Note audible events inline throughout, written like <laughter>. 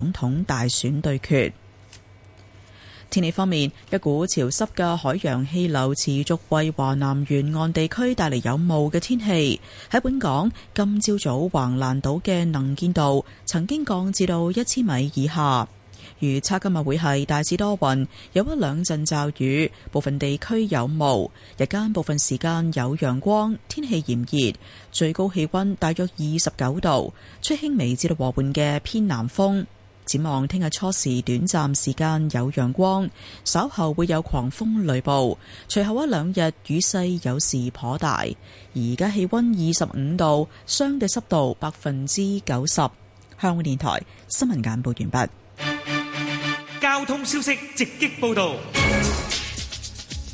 總統大選對決。天氣方面，一股潮濕嘅海洋氣流持續為華南沿岸地區帶嚟有霧嘅天氣。喺本港今朝早橫瀾島嘅能見度曾經降至到一千米以下。預測今日會係大致多雲，有一兩陣驟雨，部分地區有霧。日間部分時間有陽光，天氣炎熱，最高氣溫大約二十九度，吹輕微至到和緩嘅偏南風。展望聽日初時短暫時間有陽光，稍後會有狂風雷暴，隨後一兩日雨勢有時頗大。而家氣溫二十五度，相對濕度百分之九十。香港電台新聞簡報完畢。交通消息直擊報道。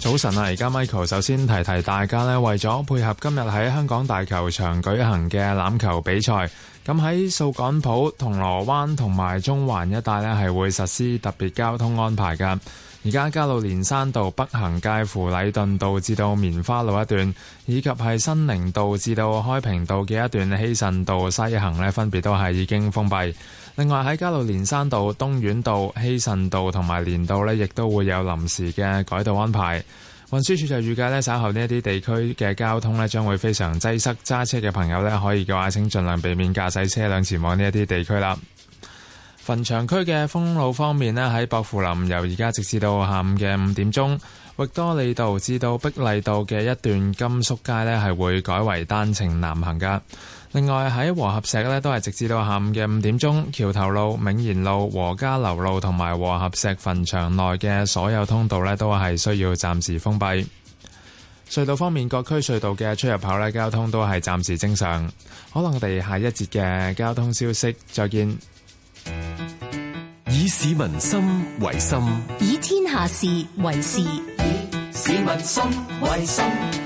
早晨啊，而家 Michael 首先提提大家咧，為咗配合今日喺香港大球場舉行嘅欖球比賽。咁喺掃桿埔、銅鑼灣同埋中環一帶呢，係會實施特別交通安排嘅。而家加路連山道北行介乎禮頓道至到棉花路一段，以及係新寧道至到開平道嘅一段，希慎道西行呢，分別都係已經封閉。另外喺加路連山道、東院道、希慎道同埋連道呢，亦都會有臨時嘅改道安排。運輸署就預計呢，稍後呢一啲地區嘅交通咧，將會非常擠塞，揸車嘅朋友咧，可以嘅話，請盡量避免駕駛車輛前往呢一啲地區啦。墳場區嘅封路方面呢，喺薄扶林由而家直至到下午嘅五點鐘，域多利道至到碧麗道嘅一段金粟街呢，係會改為單程南行嘅。另外喺和合石咧，都係直至到下午嘅五點鐘，橋頭路、永賢路、和家樓路同埋和合石墳場內嘅所有通道咧，都係需要暫時封閉。隧道方面，各區隧道嘅出入口咧，交通都係暫時正常。可能我哋下一節嘅交通消息，再見。以市民心為心，以天下事為事，以市民心為心。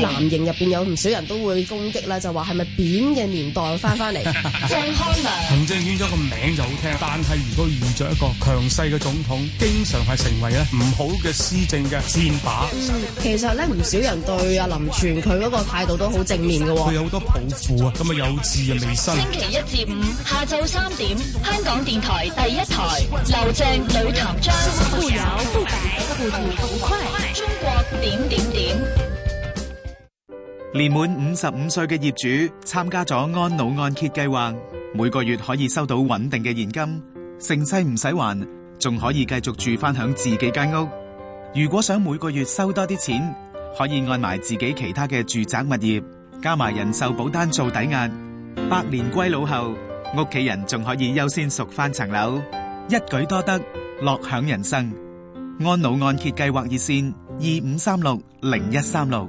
南營入邊有唔少人都會攻擊啦，就話係咪扁嘅年代翻翻嚟？鄭康良行政院長個名就好聽，但係如果遇着一個強勢嘅總統，經常係成為咧唔好嘅施政嘅箭靶、嗯。其實咧唔少人對阿林全佢嗰個態度都好正面嘅。佢有好多抱負啊，咁啊有志又未伸。星期一至五、嗯、下晝三點，香港電台第一台，劉靖呂譚張，會有會不搖不擺，不甜不快，中國點點點。年滿五十五歲嘅業主參加咗安老按揭計劃，每個月可以收到穩定嘅現金，成世唔使還，仲可以繼續住翻響自己間屋。如果想每個月收多啲錢，可以按埋自己其他嘅住宅物業，加埋人壽保單做抵押。百年歸老後，屋企人仲可以優先贖翻層樓，一舉多得，樂享人生。安老按揭計劃熱線：二五三六零一三六。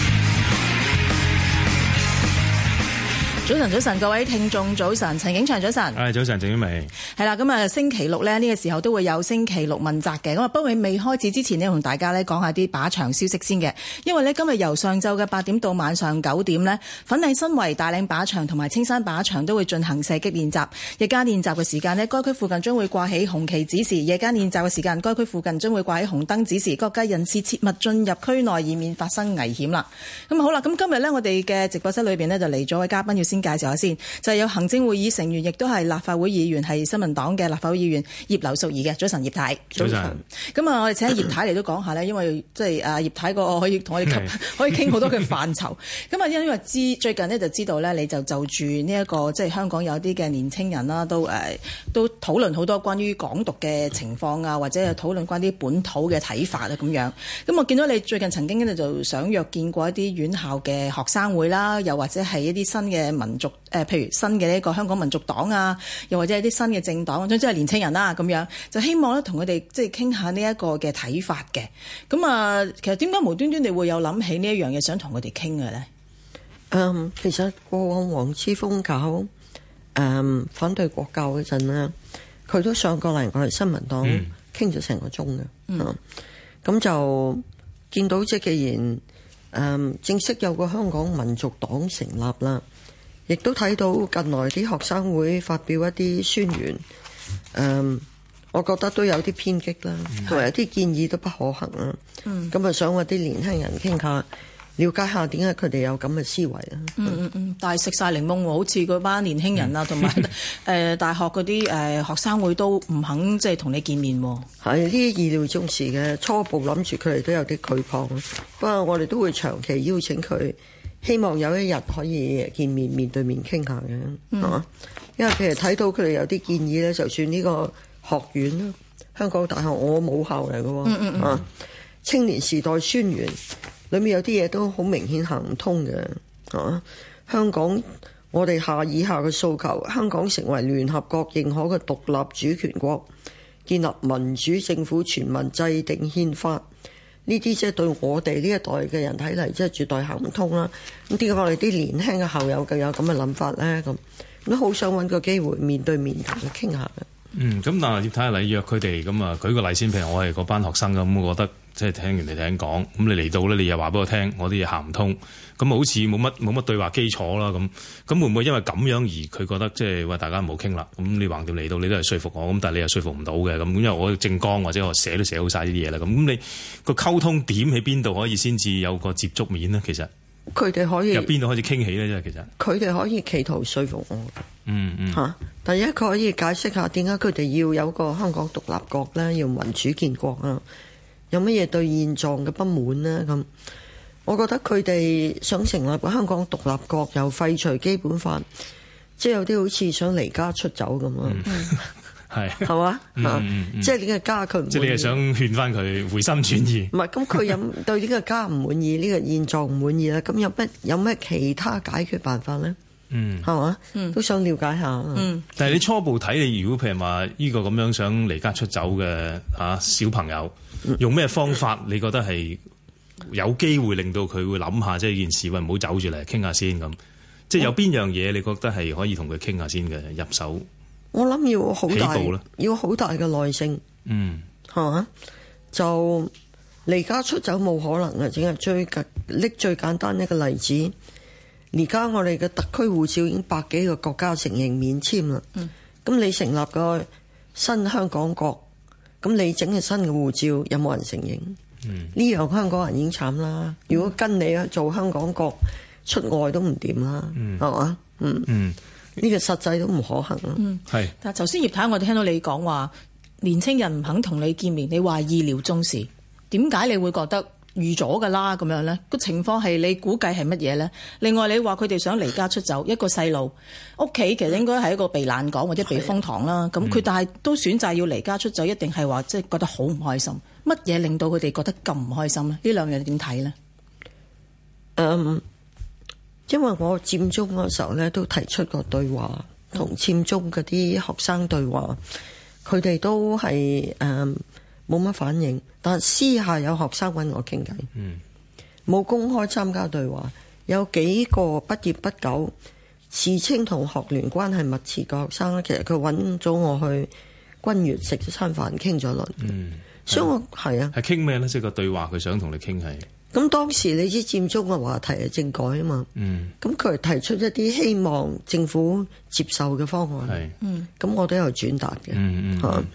早晨，早晨，各位聽眾早晨，陳景祥，早晨。誒，早晨，鄭婉薇。係啦，咁啊，星期六咧呢個時候都會有星期六問責嘅。咁啊，不會未開始之前咧，同大家咧講下啲靶場消息先嘅。因為咧今日由上晝嘅八點到晚上九點咧，粉嶺新圍大嶺靶，靶場同埋青山靶場都會進行射擊練習，日間練習嘅時間咧，該區附近將會掛起紅旗指示；夜間練習嘅時間該區附近將會掛起紅燈指示。各界人士切勿進入區內以免發生危險啦。咁、嗯、好啦，咁今日咧，我哋嘅直播室裏邊咧就嚟咗位嘉賓要先。介紹下先，就係、是、有行政會議成員，亦都係立法會議員，係新民黨嘅立法會議員葉劉淑儀嘅。早晨，葉太。早晨。咁啊晨，我哋請葉太嚟都講下咧，晨因為即係啊葉太個可以同我哋傾，是可以傾好多嘅範疇。咁啊，因為知最近呢就知道咧，你就就住呢、這、一個即係、就是、香港有啲嘅年輕人啦，都誒都討論好多關於港獨嘅情況啊，或者係討論關於本土嘅睇法啊咁樣。咁我見到你最近曾經咧就想約見過一啲院校嘅學生會啦，又或者係一啲新嘅文民族誒，譬如新嘅呢一個香港民族黨啊，又或者係啲新嘅政黨，總之係年青人啦，咁樣就希望咧同佢哋即係傾下呢一個嘅睇法嘅。咁啊，其實點解無端端你會有諗起呢一樣嘢，想同佢哋傾嘅咧？嗯，其實過往黃之鋒搞誒反對國教嗰陣咧，佢都上過嚟我哋新聞黨傾咗成個鐘嘅。嗯，咁就見到即係既然誒正式有個香港民族黨成立啦。亦都睇到近來啲學生會發表一啲宣言，嗯，我覺得都有啲偏激啦，同埋有啲建議都不可行啦。咁啊、嗯、想我啲年輕人傾下，了解下點解佢哋有咁嘅思維啊、嗯？嗯嗯嗯，但係食晒檸檬好似嗰班年輕人啊，同埋誒大學嗰啲誒學生會都唔肯即係同你見面喎。係呢啲 <laughs> 意料中事嘅，初步諗住佢哋都有啲抗拒，不過我哋都會長期邀請佢。希望有一日可以見面，面對面傾下嘅，嚇、嗯！因為其實睇到佢哋有啲建議咧，就算呢個學院啦、香港大學，我母校嚟嘅，嚇、嗯嗯嗯啊！青年時代宣言裏面有啲嘢都好明顯行唔通嘅，嚇、啊！香港我哋下以下嘅訴求：香港成為聯合國認可嘅獨立主權國，建立民主政府，全民制定憲法。呢啲即係對我哋呢一代嘅人睇嚟，即係絕對行唔通啦。咁點解我哋啲年輕嘅校友又有咁嘅諗法咧？咁都好想搵個機會面對面同佢傾下嘅。嗯，咁但係睇下你約佢哋，咁啊舉個例先，譬如我係嗰班學生咁，我覺得。即係聽人哋聽講，咁你嚟到咧，你又話俾我聽，我啲嘢行唔通，咁好似冇乜冇乜對話基礎啦。咁咁會唔會因為咁樣而佢覺得即係話大家冇傾啦？咁你橫掂嚟到，你都係說服我，咁但係你又說服唔到嘅咁。因為我政綱或者我寫都寫好曬啲嘢啦。咁咁你個溝通點喺邊度可以先至有個接觸面呢？其實佢哋可以由邊度開始傾起咧，即係其實佢哋可以企圖説服我。嗯嗯嚇，第一佢可以解釋下點解佢哋要有個香港獨立國咧，要民主建國啊。 <noise> 有乜嘢對現狀嘅不滿呢？咁，我覺得佢哋想成立香港獨立國，又廢除基本法，即係有啲好似想離家出走咁啊。係係嘛？即係呢個家，佢即係你係想勸翻佢回心轉意。唔係，咁佢有對呢個家唔滿意，呢個現狀唔滿意啦。咁有乜有乜其他解決辦法咧？嗯，係嘛、 <laughs> <laughs> <laughs> 嗯？都想了解下。嗯，但係你初步睇，你如果譬如話呢個咁樣想離家出走嘅啊小朋友。用咩方法？你覺得係有機會令到佢會諗下，即係件事，喂、 <laughs> 哎，唔好走住嚟傾下先咁。即係有邊樣嘢，你覺得係可以同佢傾下先嘅入手？我諗要好大步，要好大嘅耐性。嗯，係嘛？就離家出走冇可能嘅，淨係追緊拎最簡單一個例子。而家我哋嘅特區護照已經百幾個國家承認免簽啦。嗯，咁你成立個新香港國？咁你整嘅新嘅護照有冇人承認？呢、嗯、樣香港人已經慘啦。如果跟你啊做香港國出外都唔掂啦，係嘛、嗯？嗯，呢、嗯、個實際都唔可行啦。係、嗯。是但係頭先葉太，我哋聽到你講話，年青人唔肯同你見面，你話意料中事。點解你會覺得？預咗噶啦，咁樣呢個情況係你估計係乜嘢呢？另外你話佢哋想離家出走， <laughs> 一個細路屋企其實應該係一個避難港或者避風塘啦。咁佢的但係都選擇要離家出走，一定係話即係覺得好唔開心。乜嘢令到佢哋覺得咁唔開心呢？呢兩樣點睇呢？嗯，um, 因為我佔中嗰時候呢，都提出過對話，同佔中嗰啲學生對話，佢哋都係誒。Um, 冇乜反應，但私下有學生揾我傾偈，冇、嗯、公開參加對話。有幾個畢業不久，自稱同學聯關係密切嘅學生咧，其實佢揾咗我去君悦食咗餐飯，傾咗輪。嗯，所以我係啊，係傾咩呢？即個對話佢想同你傾係。咁、啊啊、當時你知佔中嘅話題係政改啊嘛。嗯。咁佢提出一啲希望政府接受嘅方案。係。嗯。咁我都有轉達嘅。嗯嗯。吓。嗯嗯嗯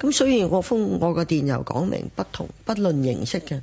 咁所以我封我個電郵講明不同，不論形式嘅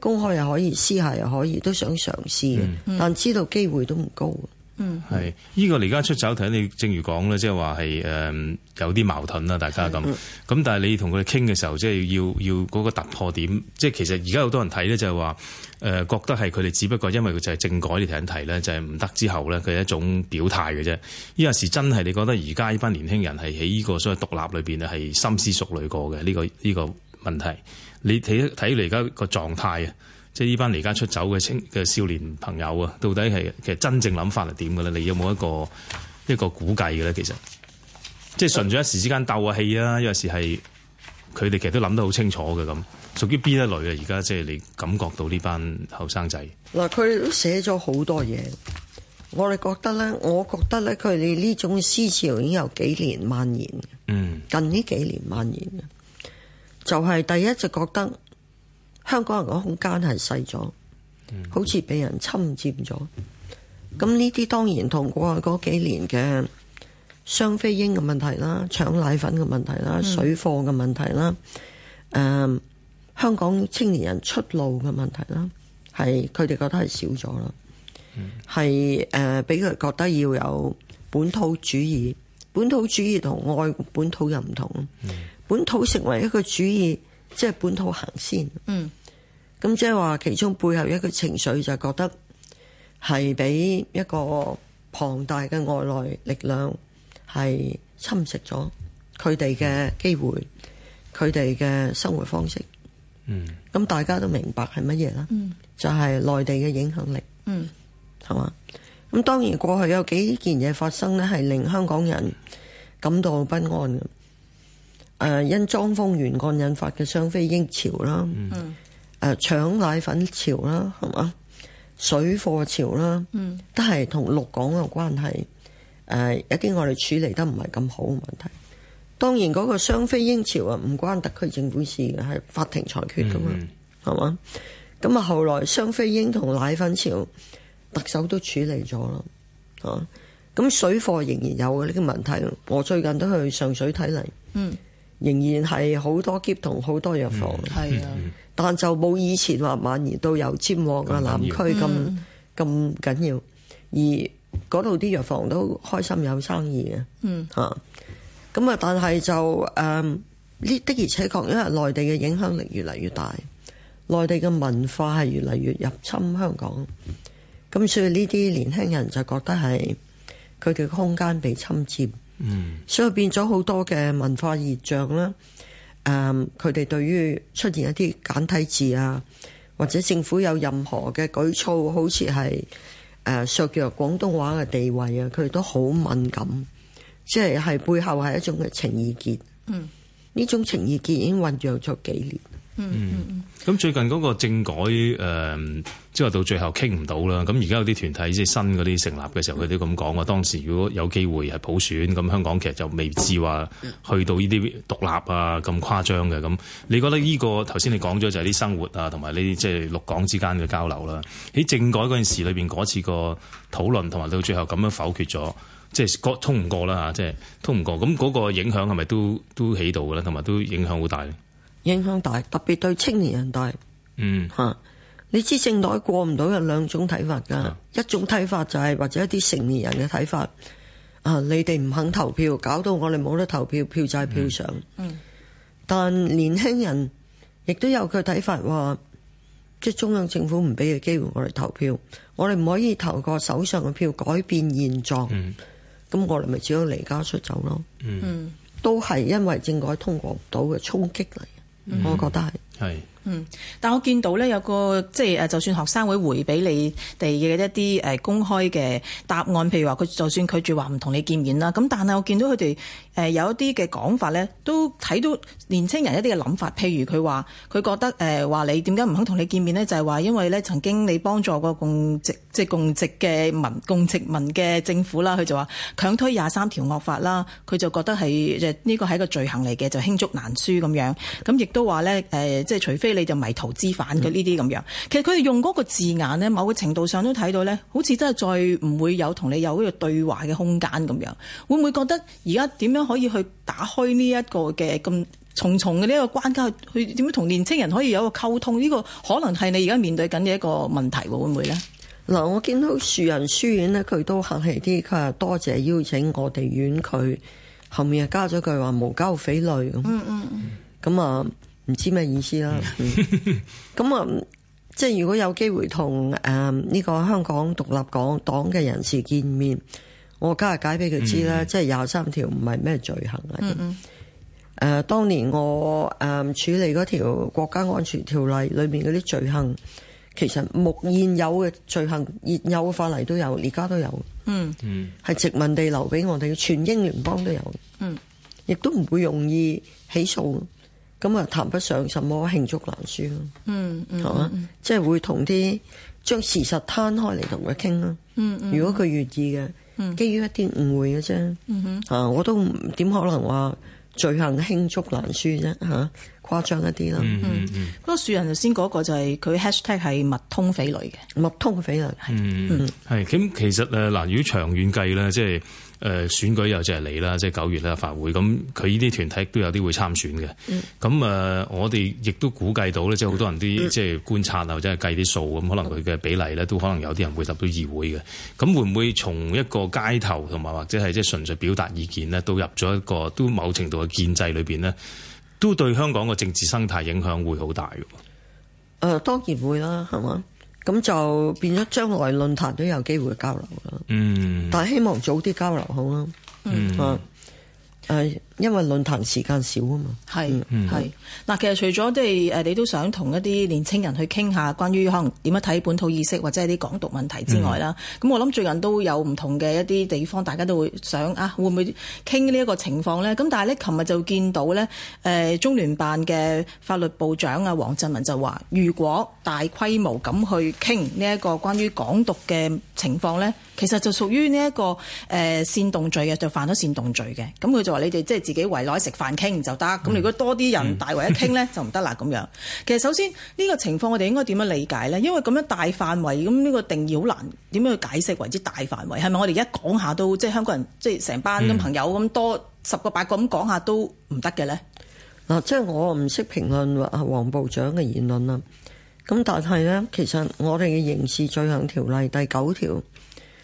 公開又可以，私下又可以，都想嘗試嘅，但知道機會都唔高。嗯，係、嗯，呢個離家出走，睇你正如講咧，即係話係誒有啲矛盾啦，大家咁。咁、呃、的但係你同佢哋傾嘅時候，即係要要嗰個突破點。即係其實而家好多人睇咧，就係話誒覺得係佢哋只不過因為就係政改呢條題咧，就係唔得之後咧，佢係一種表態嘅啫。呢陣時真係你覺得而家呢班年輕人係喺呢個所謂獨立裏邊咧，係深思熟慮過嘅呢、這個呢、這個問題。你睇睇你而家個狀態啊！即係呢班離家出走嘅青嘅少年朋友啊，到底係其實真正諗法係點嘅咧？你有冇一個，一個估計嘅咧？其實，即係順住一時之間鬥下氣啊，有時係，佢哋其實都諗得好清楚嘅咁，屬於邊一類啊？而家即係你感覺到呢班後生仔嗱，佢哋都寫咗好多嘢，我哋覺得咧，我覺得咧，佢哋呢種思潮已經有幾年蔓延，嗯，近呢幾年蔓延就係第一就覺得。香港人個空間係細咗，好似俾人侵佔咗。咁呢啲當然同過去嗰幾年嘅雙非嬰嘅問題啦、搶奶粉嘅問題啦、水貨嘅問題啦、誒、嗯呃、香港青年人出路嘅問題啦，係佢哋覺得係少咗啦。係誒、嗯，俾佢、呃、覺得要有本土主義，本土主義同愛本土又唔同。嗯、本土成為一個主義，即、就、係、是、本土行先。嗯咁即係話，其中背後一個情緒就係覺得係俾一個龐大嘅外來力量係侵蝕咗佢哋嘅機會，佢哋嘅生活方式。嗯，咁大家都明白係乜嘢啦？嗯，就係內地嘅影響力。嗯，係嘛？咁當然過去有幾件嘢發生呢，係令香港人感到不安嘅。誒、呃，因莊豐源案引發嘅雙非嬰潮啦。嗯。嗯誒搶奶粉潮啦，係嘛？水貨潮啦，都係同陸港嘅關係。誒、呃，一啲我哋處理得唔係咁好嘅問題。當然嗰個雙非嬰潮啊，唔關特區政府事嘅，係法庭裁決㗎嘛，係嘛、mm？咁、hmm. 啊，後來雙非嬰同奶粉潮，特首都處理咗啦。嚇，咁水貨仍然有嘅呢個問題。我最近都去上水睇嚟，mm hmm. 仍然係好多劫同好多藥房係啊。但就冇以前話蔓延到有尖旺啊、南區咁咁緊要，而嗰度啲藥房都開心有生意嘅，嚇、嗯。咁啊，但係就誒呢、嗯、的而且確，因為內地嘅影響力越嚟越大，內地嘅文化係越嚟越入侵香港。咁所以呢啲年輕人就覺得係佢哋嘅空間被侵佔，嗯、所以變咗好多嘅文化現象啦。誒，佢哋、um, 對於出現一啲簡體字啊，或者政府有任何嘅舉措，好似係誒削弱廣東話嘅地位啊，佢哋都好敏感，即係係背後係一種嘅情意結，嗯，呢種情意結已經醞釀咗幾年。嗯，咁、嗯嗯、最近嗰個政改誒即話到最後傾唔到啦。咁而家有啲團體即係新嗰啲成立嘅時候，佢都咁講喎。當時如果有機會係普選，咁香港其實就未知話去到呢啲獨立啊咁誇張嘅咁。你覺得呢、這個頭先你講咗就係啲生活啊，同埋呢啲即係陸港之間嘅交流啦。喺政改嗰陣時裏邊嗰次個討論同埋到最後咁樣否決咗，即係過通唔過啦吓，即係通唔過，咁嗰個影響係咪都都起到嘅咧，同埋都影響好大。影響大，特別對青年人大，嗯吓、啊，你知政改過唔到有兩種睇法噶，啊、一種睇法就係、是、或者一啲成年人嘅睇法，啊，你哋唔肯投票，搞到我哋冇得投票，票債票償。嗯嗯、但年輕人亦都有佢睇法，話即係中央政府唔俾嘅機會我哋投票，我哋唔可以投個手上嘅票改變現狀，嗯，咁我哋咪只好離家出走咯，嗯，嗯都係因為政改通過唔到嘅衝擊嚟。我覺得係。嗯，但我見到咧有個即係誒就算學生會回俾你哋嘅一啲誒公開嘅答案，譬如話佢就算拒絕話唔同你見面啦。咁但係我見到佢哋誒有一啲嘅講法咧，都睇到年青人一啲嘅諗法。譬如佢話佢覺得誒話，呃、你點解唔肯同你見面咧？就係、是、話因爲咧曾經你幫助過共殖即係共殖嘅民共殖民嘅政府啦。佢就話強推廿三條惡法啦，佢就覺得係誒呢個係一個罪行嚟嘅，就罄竹難書咁樣，咁亦都話咧誒即係除非。即你就迷途知返嘅呢啲咁樣，其實佢哋用嗰個字眼咧，某個程度上都睇到咧，好似真係再唔會有同你有呢個對話嘅空間咁樣。會唔會覺得而家點樣可以去打開呢一個嘅咁重重嘅呢個關卡去？去點樣同年青人可以有一個溝通？呢個可能係你而家面對緊嘅一個問題，會唔會咧？嗱，我見到樹人書院咧，佢都客氣啲，佢話多謝邀請我哋院佢後面又加咗句話無膠匪類咁、嗯。嗯嗯。咁啊。唔知咩意思啦，咁啊、 <laughs> 嗯，即係如果有機會同誒呢個香港獨立港黨黨嘅人士見面，我家下解俾佢知啦，嗯、即係廿三條唔係咩罪行啊！誒、嗯呃，當年我誒、呃、處理嗰條國家安全條例裏面嗰啲罪行，其實目現有嘅罪行，現有嘅法例都有，而家都有。嗯嗯，係殖民地留俾我哋，全英聯邦都有。嗯，亦都唔會容易起訴。咁啊，談不上什麼罄竹難書咯。嗯嗯，嚇，即係會同啲將事實攤開嚟同佢傾咯。嗯，如果佢願意嘅，基於一啲誤會嘅啫。哼，嚇，我都唔點可能話罪行罄竹難書啫？嚇，誇張一啲啦。嗯嗯嗯，嗰樹人頭先嗰個就係佢 hashtag 係麥通匪類嘅，麥通嘅匪類係。嗯嗯，係咁，其實誒嗱，如果長遠計咧，即係。誒、呃、選舉又就係嚟啦，即係九月立法會咁，佢呢啲團體都有啲會參選嘅。咁誒、嗯呃，我哋亦都估計到咧，即係好多人啲即係觀察啊，或者係計啲數咁，可能佢嘅比例咧，都可能有啲人會入到議會嘅。咁會唔會從一個街頭同埋或者係即係純粹表達意見呢，都入咗一個都某程度嘅建制裏邊呢，都對香港嘅政治生態影響會好大嘅？誒、呃，當然會啦，係嘛？咁就變咗，將來論壇都有機會交流噶啦。嗯，但係希望早啲交流好啦。嗯啊。誒，因為論壇時間少啊嘛，係，係嗱，其實除咗即係誒，你都想同一啲年青人去傾下，關於可能點樣睇本土意識或者係啲港獨問題之外啦。咁、嗯、我諗最近都有唔同嘅一啲地方，大家都會想啊，會唔會傾呢一個情況咧？咁但係咧，琴日就見到咧，誒、呃、中聯辦嘅法律部長啊，黃振文就話，如果大規模咁去傾呢一個關於港獨嘅情況咧，其實就屬於呢一個誒、呃、煽動罪嘅，就犯咗煽動罪嘅。咁佢就話。你哋、嗯、即係自己圍內食飯傾就得，咁如果多啲人大圍一傾呢， <laughs> 就唔得啦咁樣。其實首先呢、呢個情況，我哋應該點樣理解呢？因為咁樣大範圍，咁呢個定義好難點樣去解釋為之大範圍，係咪我哋一講下都即係香港人即係成班咁朋友咁多、嗯、十個八個咁講下都唔得嘅呢？嗱，即係我唔識評論阿黃部長嘅言論啦。咁但係呢，其實我哋嘅刑事罪行條例第九條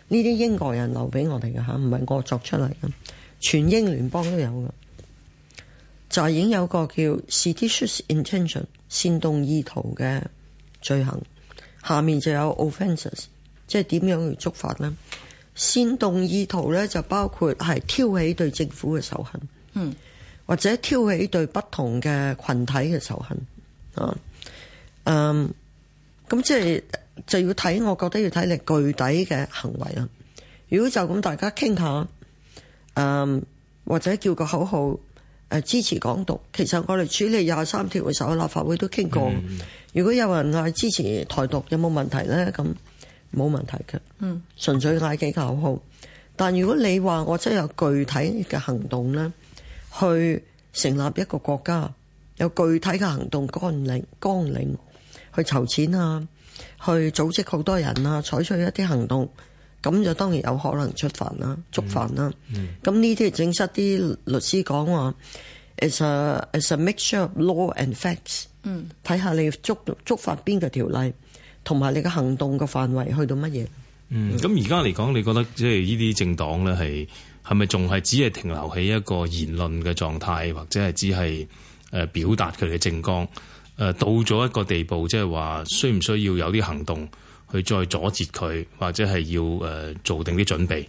呢啲英國人留俾我哋嘅嚇，唔係我作出嚟嘅。全英聯邦都有噶，就係已經有個叫 Seditious Intention 煽動意圖嘅罪行，下面就有 Offences 即係點樣去觸法呢？煽動意圖咧就包括係挑起對政府嘅仇恨，嗯，或者挑起對不同嘅群體嘅仇恨，啊，嗯，咁即係就要睇，我覺得要睇你具體嘅行為啦。如果就咁大家傾下。嗯，um, 或者叫個口號，誒、呃、支持港獨。其實我哋處理廿三條嘅時候，立法會都傾過。嗯、如果有人嗌支持台獨，有冇問題呢？咁冇問題嘅，純、嗯、粹嗌幾個口號。但如果你話我真係有具體嘅行動呢，去成立一個國家，有具體嘅行動，綱領綱領去籌錢啊，去組織好多人啊，採取一啲行動。咁就當然有可能出犯啦，觸犯啦。咁呢啲證實啲律師講話，is a is a mixture of law and facts。嗯，睇下你觸觸犯邊個條例，同埋你嘅行動嘅範圍去到乜嘢。嗯，咁而家嚟講，你覺得即係呢啲政黨咧，係係咪仲係只係停留喺一個言論嘅狀態，或者係只係誒表達佢哋嘅政綱？誒到咗一個地步，即係話需唔需要有啲行動？去再阻截佢，或者係要誒、呃、做定啲準備，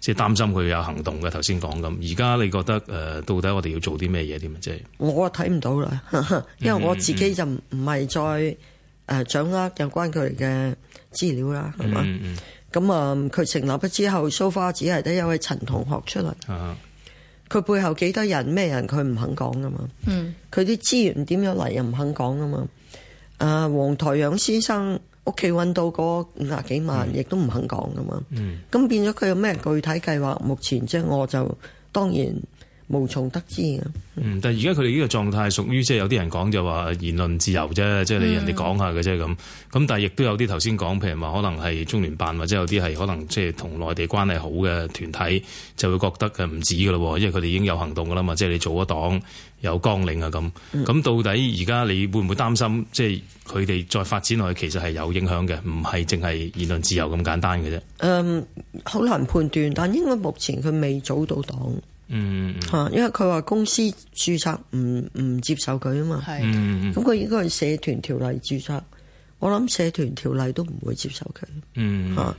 即係擔心佢有行動嘅。頭先講咁，而家你覺得誒、呃、到底我哋要做啲咩嘢？點啊？即係我睇唔到啦，因為我自己就唔係再誒掌握有關佢哋嘅資料啦，係嘛，嗯？咁啊、嗯，佢、呃嗯呃、成立咗之後，蘇花只係得一位陳同學出嚟。佢、啊、背後幾多人？咩人？佢唔肯講噶嘛。佢啲、嗯、資源點樣嚟？又唔肯講噶嘛。啊，黃台陽先生。屋企揾到嗰五十幾萬、嗯、亦都唔肯講噶嘛。咁、嗯、變咗佢有咩具體計劃？目前即係我就當然。無從得知嘅。嗯，嗯，但係而家佢哋呢個狀態屬於，即係有啲人講就話言論自由啫，嗯、即係你人哋講下嘅啫咁。咁、嗯、但係亦都有啲頭先講，譬如話可能係中聯辦，或者有啲係可能即係同內地關係好嘅團體，就會覺得嘅唔止噶咯，因為佢哋已經有行動噶啦嘛。即係你組咗黨有綱領啊，咁咁、嗯、到底而家你會唔會擔心，即係佢哋再發展落去，其實係有影響嘅，唔係淨係言論自由咁簡單嘅啫。嗯，好難判斷，但應該目前佢未組到黨。嗯吓，嗯因為佢話公司註冊唔唔接受佢啊嘛，係、嗯，咁、嗯、佢、嗯、應該係社團條例註冊，我諗社團條例都唔會接受佢、嗯，嗯吓，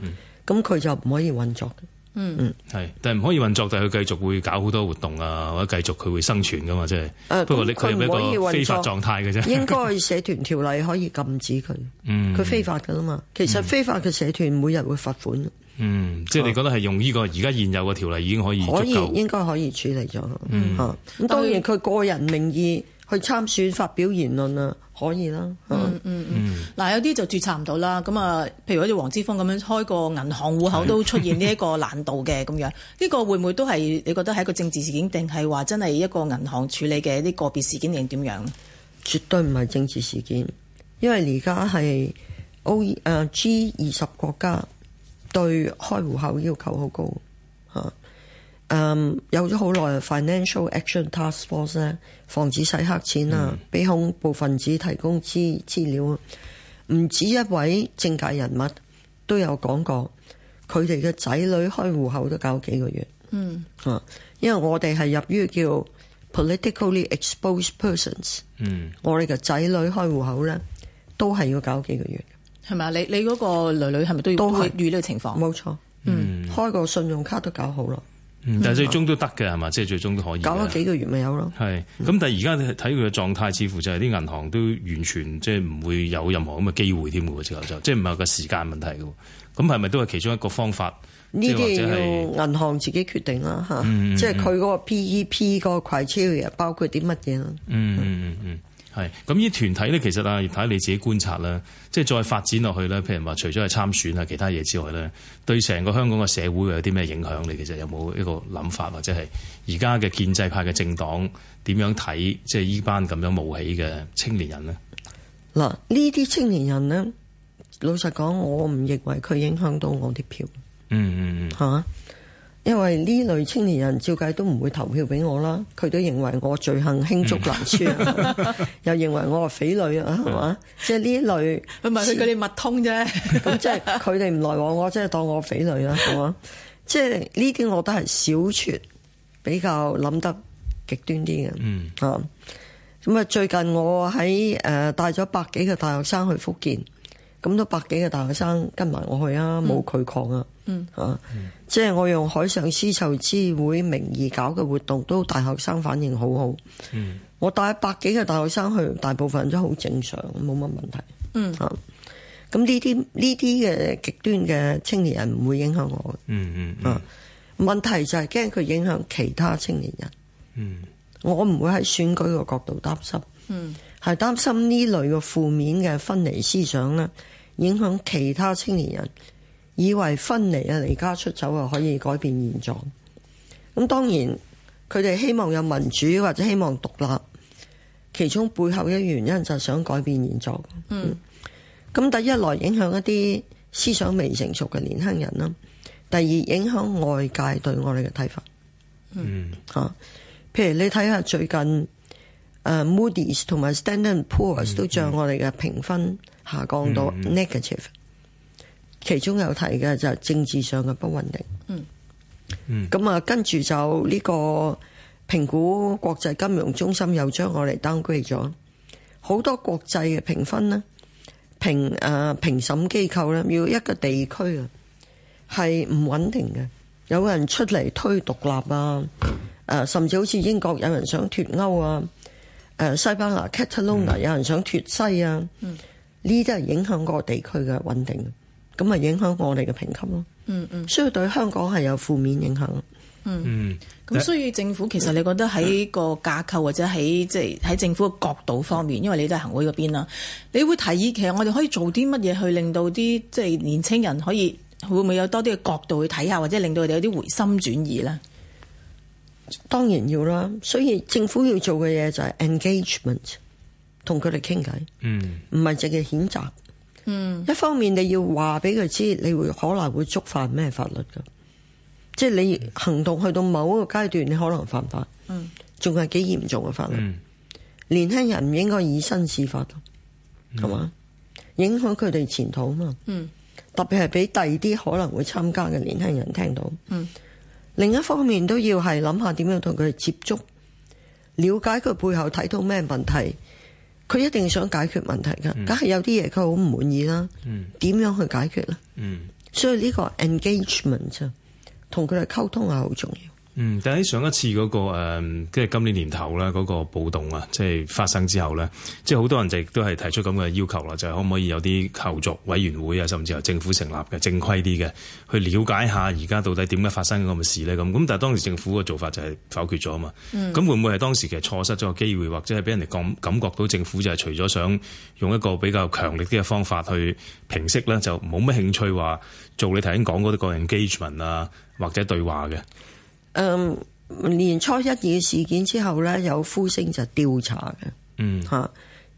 咁佢、啊、就唔可以運作，嗯嗯，係、嗯，但係唔可以運作，但係佢繼續會搞好多活動啊，或者繼續佢會生存噶嘛，即、就、係、是，嗯、不過你佢唔可以運作，運作，非法狀態嘅啫，應該社團條例可以禁止佢，佢、嗯、非法噶啦嘛，其實非法嘅社團每日會罰款。 <laughs> 嗯，即係你覺得係用呢個而家現有嘅條例已經可以足夠，應該可以處理咗。嗯，咁當然佢個人名義去參選發表言論啦，可以啦。嗯嗯嗯。嗱，有啲就註冊唔到啦。咁啊，譬如好似黃之鋒咁樣開個銀行戶口都出現呢一個難度嘅咁樣，呢個會唔會都係你覺得係一個政治事件，定係話真係一個銀行處理嘅一啲個別事件，定點樣？絕對唔係政治事件，因為而家係歐誒 G 二十國家。對開戶口要求好高嚇，嗯，有咗好耐，financial action task force 咧，防止洗黑錢啊，俾恐怖分子提供資資料，嗯，唔止一位政界人物都有講過，佢哋嘅仔女開戶口都搞幾個月，嗯，嚇，因為我哋係入於叫 politically exposed persons，嗯，我哋嘅仔女開戶口咧，都係要搞幾個月。係咪你你嗰個女女係咪都要預呢個情況？冇錯錯，嗯，開個信用卡都搞好咯。嗯、但係最終都得嘅係嘛，即係最終都可以。搞咗幾個月咪有咯？係是。咁、嗯、但係而家睇佢嘅狀態，似乎就係啲銀行都完全即係唔會有任何咁嘅機會添嘅，就就即係唔係個時間問題嘅。咁係咪都係其中一個方法？呢啲要銀行自己決定啦，吓。即係佢嗰個 PEP 嗰個 criteria 包括啲乜嘢咯？嗯嗯嗯嗯。係咁呢團體咧，其實啊，睇下你自己觀察啦，即係再發展落去咧，譬如話除咗係參選啊，其他嘢之外咧，對成個香港嘅社會有啲咩影響？你其實有冇一個諗法或者係而家嘅建制派嘅政黨點樣睇？即係依班咁樣冒起嘅青年人咧。嗱，呢啲青年人咧，老實講，我唔認為佢影響到我啲票。嗯嗯嗯，嚇。因為呢類青年人，照計都唔會投票俾我啦。佢都認為我罪行罄竹難書，嗯、 <laughs> 又認為我係匪、嗯、類啊，係嘛？ <laughs> 即係呢類，唔係佢哋密通啫。咁即係佢哋唔來往，我即係當我匪類啦，係嘛？ <laughs> 即係呢啲我都係小串，比較諗得極端啲嘅。嗯啊，咁啊，最近我喺誒帶咗百幾個大學生去福建。咁多百幾個大學生跟埋我去啊，冇佢抗拒啊，嚇，即係我用海上絲綢之會名義搞嘅活動，都大學生反應好好，嗯、我帶百幾個大學生去，大部分人都好正常，冇乜問題，嚇、嗯。咁呢啲呢啲嘅極端嘅青年人唔會影響我嗯，嗯嗯，啊，問題就係驚佢影響其他青年人，嗯，我唔會喺選舉個角度擔心，嗯，係擔心呢類嘅負面嘅分離思想咧。影響其他青年人，以為分離啊、離家出走啊，可以改變現狀。咁當然，佢哋希望有民主或者希望獨立，其中背後嘅原因就係想改變現狀。嗯。咁、嗯、第一，來影響一啲思想未成熟嘅年輕人啦；第二，影響外界對我哋嘅睇法。嗯。吓、啊，譬如你睇下最近、uh,，Moody's 同埋 Standard Poor's、嗯、都將我哋嘅評分下降到、mm hmm. negative，其中有提嘅就政治上嘅不穩定。嗯、mm，咁啊，跟住就呢個評估國際金融中心又將我哋 downgrade 咗，好多國際嘅評分咧評誒、呃、評審機構咧，要一個地區啊係唔穩定嘅，有人出嚟推獨立啊，誒、呃，甚至好似英國有人想脱歐啊，誒、呃，西班牙 Catalonia 有人想脱西啊。Mm hmm. 嗯呢啲係影響嗰個地區嘅穩定，咁啊影響我哋嘅評級咯、嗯。嗯嗯，所以對香港係有負面影響。嗯嗯，咁、嗯、所以政府其實你覺得喺個架構或者喺即係喺政府嘅角度方面，因為你都係行會嗰邊啦，你會提議其實我哋可以做啲乜嘢去令到啲即係年輕人可以會唔會有多啲嘅角度去睇下，或者令到佢哋有啲回心轉意咧？當然要啦，所以政府要做嘅嘢就係 engagement。同佢哋傾偈，唔係淨係譴責。嗯、一方面你要話俾佢知，你會可能會觸犯咩法律噶。即係你行動去到某一個階段，你可能犯法，仲係幾嚴重嘅法律。嗯、年輕人唔應該以身試法，係、嗯、嘛？影響佢哋前途啊嘛。特別係俾第二啲可能會參加嘅年輕人聽到。嗯、另一方面都要係諗下點樣同佢哋接觸，了解佢背後睇到咩問題。佢一定想解決問題噶，梗係有啲嘢佢好唔滿意啦。點 <noise> 樣去解決咧？ <noise> 所以呢個 engagement 同佢哋溝通係好重要。嗯，但喺上一次嗰、嗰個、誒、即係今年年頭咧嗰個暴動啊，即係發生之後咧，即係好多人就亦都係提出咁嘅要求啦，就係、係、可唔可以有啲求助委員會啊，甚至由政府成立嘅正規啲嘅，去了解下而家到底點解發生咁嘅事咧？咁咁，但係當時政府嘅做法就係否決咗啊嘛。嗯，咁會唔會係當時其實錯失咗個機會，或者係俾人哋感感覺到政府就係除咗想用一個比較強力啲嘅方法去平息咧，就冇乜興趣話做你頭先講嗰啲個人 engagement 啊，或者對話嘅？誒，um, 年初一二嘅事件之後咧，有呼聲就調查嘅，嗯吓，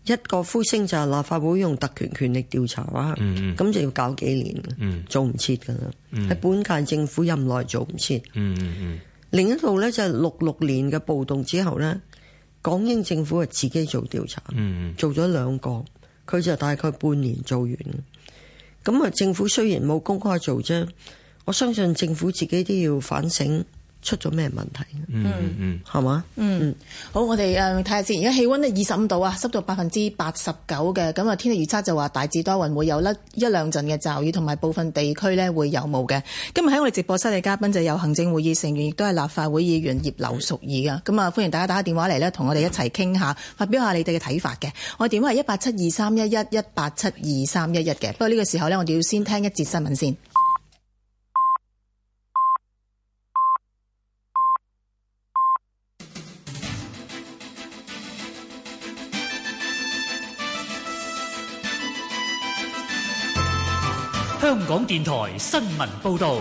一個呼聲就係立法會用特權權力調查啊，嗯咁就要搞幾年、嗯、做唔切噶啦，喺、嗯、本屆政府任內做唔切、嗯，嗯，嗯另一套咧就係六六年嘅暴動之後咧，港英政府係自己做調查，嗯嗯、做咗兩個，佢就大概半年做完嘅，咁啊，政府雖然冇公開做啫，我相信政府自己都要反省。出咗咩問題？嗯嗯，係嘛吧？嗯好，我哋誒睇下先。而家氣温呢，二十五度啊，濕度百分之八十九嘅。咁啊，天氣預測就話大致多雲，會有甩一兩陣嘅驟雨，同埋部分地區呢會有霧嘅。今日喺我哋直播室嘅嘉賓就有行政會議成員，亦都係立法會議員葉劉淑儀㗎。咁啊，歡迎大家打個電話嚟呢，同我哋一齊傾下，發表下你哋嘅睇法嘅。我電話係一八七二三一一一八七二三一一嘅。不過呢個時候呢，我哋要先聽一節新聞先。香港電台新聞報道。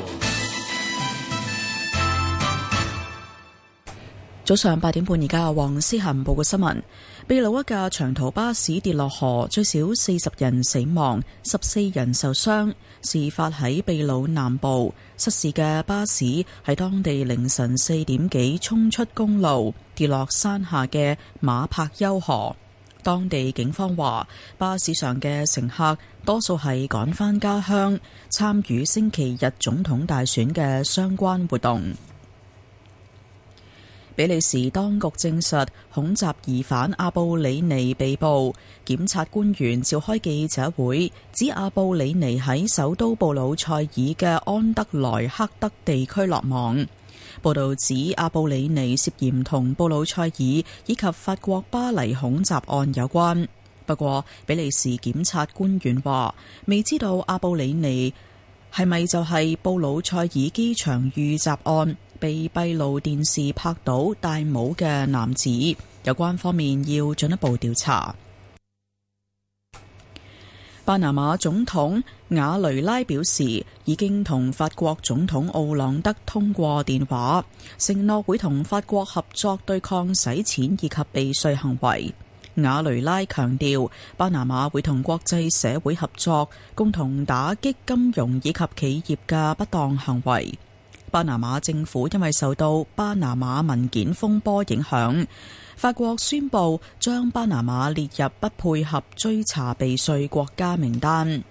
早上八點半，而家由黃思嫻報嘅新聞：秘魯一架長途巴士跌落河，最少四十人死亡，十四人受傷。事發喺秘魯南部，失事嘅巴士喺當地凌晨四點幾沖出公路，跌落山下嘅馬柏丘河。當地警方話，巴士上嘅乘客多數係趕返家鄉，參與星期日總統大選嘅相關活動。比利時當局證實恐襲疑犯阿布里尼被捕，檢察官員召開記者會，指阿布里尼喺首都布魯塞爾嘅安德萊克德地區落網。報道指阿布里尼涉嫌同布魯塞爾以及法國巴黎恐襲案有關，不過比利時檢察官員話，未知道阿布里尼係咪就係布魯塞爾機場遇襲案被閉路電視拍到戴帽嘅男子，有關方面要進一步調查。巴拿馬總統瓦雷拉表示，已經同法國總統奧朗德通過電話，承諾會同法國合作對抗洗錢以及避稅行為。瓦雷拉強調，巴拿馬會同國際社會合作，共同打擊金融以及企業嘅不當行為。巴拿馬政府因為受到巴拿馬文件風波影響，法國宣佈將巴拿馬列入不配合追查避稅國家名單。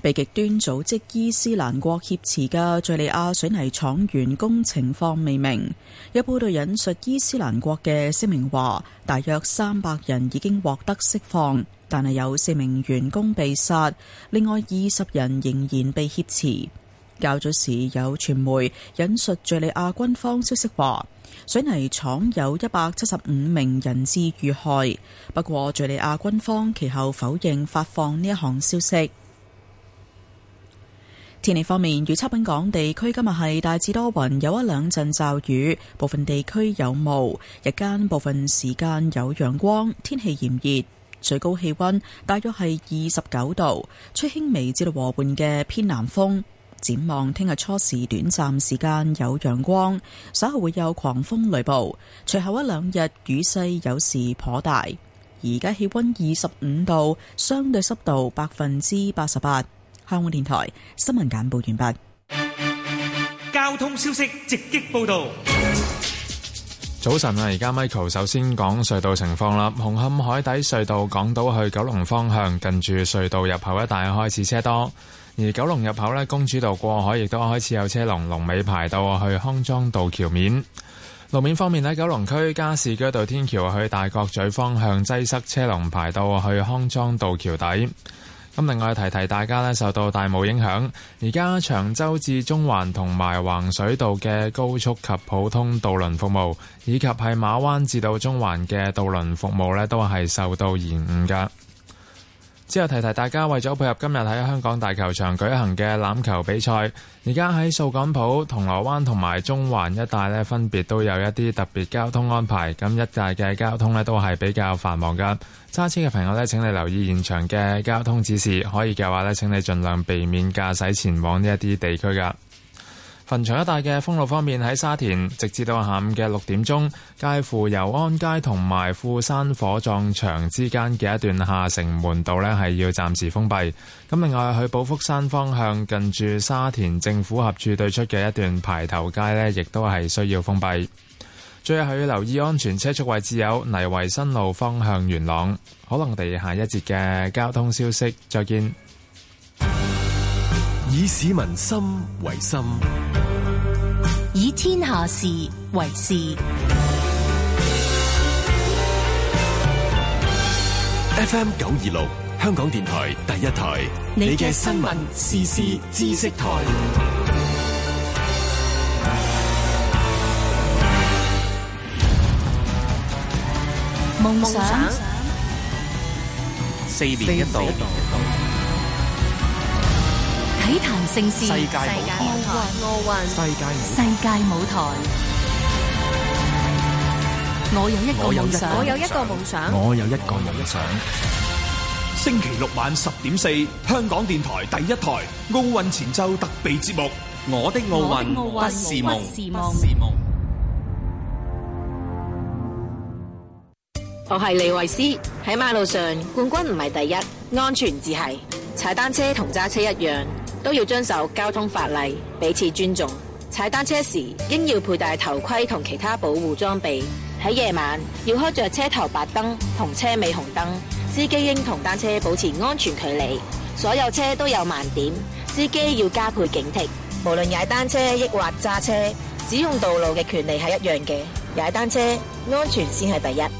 被極端組織伊斯蘭國挾持嘅敘利亞水泥廠員工情況未明。有報道引述伊斯蘭國嘅聲明話，大約三百人已經獲得釋放，但係有四名員工被殺，另外二十人仍然被挾持。較早時有傳媒引述敘利亞軍方消息話，水泥廠有一百七十五名人質遇害，不過敘利亞軍方其後否認發放呢一項消息。天氣方面，預測本港地區今日係大致多雲，有一兩陣驟雨，部分地區有霧。日間部分時間有陽光，天氣炎熱，最高氣溫大約係二十九度，吹輕微至到和緩嘅偏南風。展望聽日初時短暫時間有陽光，稍後會有狂風雷暴。隨後一兩日雨勢有時頗大。而家氣溫二十五度，相對濕度百分之八十八。香港電台新聞簡報完畢。交通消息直擊報道。早晨啊，而家 Michael 首先講隧道情況啦。紅磡海底隧道港島去九龍方向，近住隧道入口一帶開始車多。而九龍入口咧，公主道過海亦都開始有車龍，龍尾排到去康莊道橋面。路面方面，喺九龍區加士居道天橋去大角咀方向擠塞車龍，排到去康莊道橋底。咁另外提提大家咧，受到大霧影響，而家長洲至中環同埋橫水道嘅高速及普通渡輪服務，以及喺馬灣至到中環嘅渡輪服務咧，都係受到延誤噶。之後提提大家，為咗配合今日喺香港大球場舉行嘅欖球比賽，而家喺掃桿埔、銅鑼灣同埋中環一帶呢，分別都有一啲特別交通安排。咁一帶嘅交通呢，都係比較繁忙㗎，揸車嘅朋友呢，請你留意現場嘅交通指示，可以嘅話呢，請你盡量避免駕駛前往呢一啲地區㗎。墳場一帶嘅封路方面，喺沙田直至到下午嘅六點鐘，介乎油安街同埋富山火葬場之間嘅一段下城門道呢係要暫時封閉。咁另外，去寶福山方向近住沙田政府合署對出嘅一段排頭街呢，亦都係需要封閉。最後要留意安全車速位置，有泥圍新路方向元朗，可能地下一節嘅交通消息，再見。以市民心為心，以天下事為事。FM 九二六，香港電台第一台，你嘅新聞、時事、知識台。夢想。四邊一度。體壇盛事，世界舞台，世界世界舞台。我有一個夢想，我有一個夢想，我有一個夢想。星期六晚十點四，香港電台第一台奧運前奏特備節目《我的奧運不是夢》。我是李慧詩，喺馬路上冠軍唔係第一，安全至係踩單車同揸車一樣，都要遵守交通法例，彼此尊重。踩單車時應要佩戴頭盔同其他保護裝備。喺夜晚要開着車頭白燈同車尾紅燈。司機應同單車保持安全距離。所有車都有盲點，司機要加倍警惕。無論踩單車抑或揸車，使用道路嘅權利係一樣嘅。踩單車安全先係第一。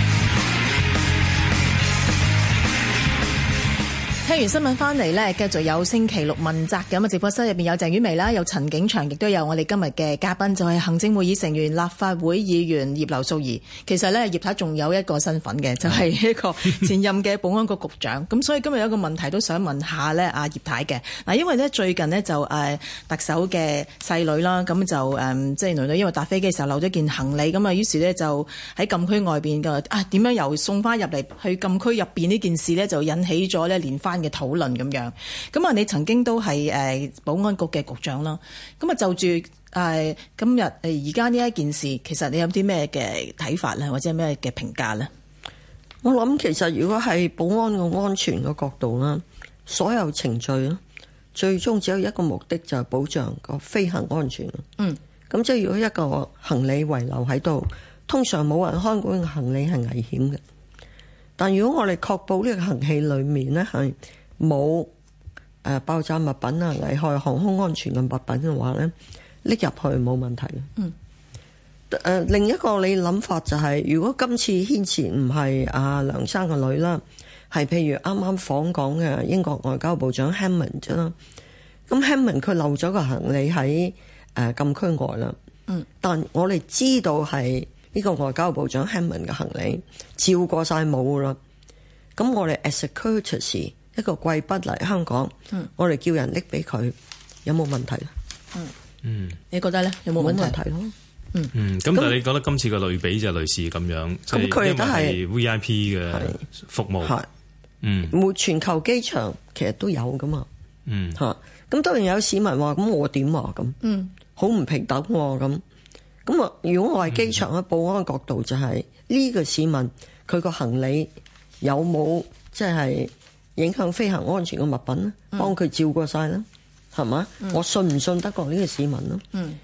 聽完新聞翻嚟呢，繼續有星期六問責咁啊！直播室入邊有鄭婉薇啦，有陳景祥，亦都有我哋今日嘅嘉賓，就係、是、行政會議成員、立法會議員葉劉淑儀。其實呢，葉太仲有一個身份嘅，就係、是、一個前任嘅保安局局長。咁 <laughs> 所以今日有一個問題都想問下呢，阿葉太嘅嗱，因為呢，最近呢，就誒特首嘅細女啦，咁就誒即係女女，因為搭飛機嘅時候漏咗件行李，咁啊於是呢，就喺禁區外邊嘅啊，點樣由送翻入嚟去禁區入邊呢件事呢，就引起咗呢連番嘅討論咁樣，咁啊，你曾經都係誒保安局嘅局長啦。咁啊，就住誒今日誒而家呢一件事，其實你有啲咩嘅睇法咧？或者咩嘅評價咧？我諗其實如果係保安嘅安全嘅角度啦，所有程序啦，最終只有一個目的就係保障個飛行安全。嗯，咁即係如果一個行李遺留喺度，通常冇人看管嘅行李係危險嘅。但如果我哋確保呢個行器裏面咧係冇誒爆炸物品啊、危害航空安全嘅物品嘅話咧，拎入去冇問題嘅。嗯，誒、呃、另一個你諗法就係、是，如果今次牽涉唔係阿梁生個女啦，係譬如啱啱訪港嘅英國外交部長 Hammond 啦，咁 Hammond 佢漏咗個行李喺誒禁區外啦。嗯，但我哋知道係。呢個外交部長 Hammond 嘅行李照過晒冇啦，咁我哋 as a courtesy 一個貴賓嚟香港，我哋叫人拎俾佢，有冇問題？有冇問題啊、嗯嗯，你覺得咧？有冇問題咯？嗯嗯，咁但係你覺得今次嘅類比就類似咁樣，咁佢亦都係 VIP 嘅服務，嗯，冇全球機場其實都有噶嘛，嗯嚇、啊，咁當然有市民話：咁我點啊？咁嗯，好唔平等喎咁。咁啊！如果我係機場嘅保安角度，就是，就係呢個市民佢個行李有冇即係影響飛行安全嘅物品咧？幫佢照過晒，啦、嗯，係嘛？我信唔信得過呢個市民咯？嗯，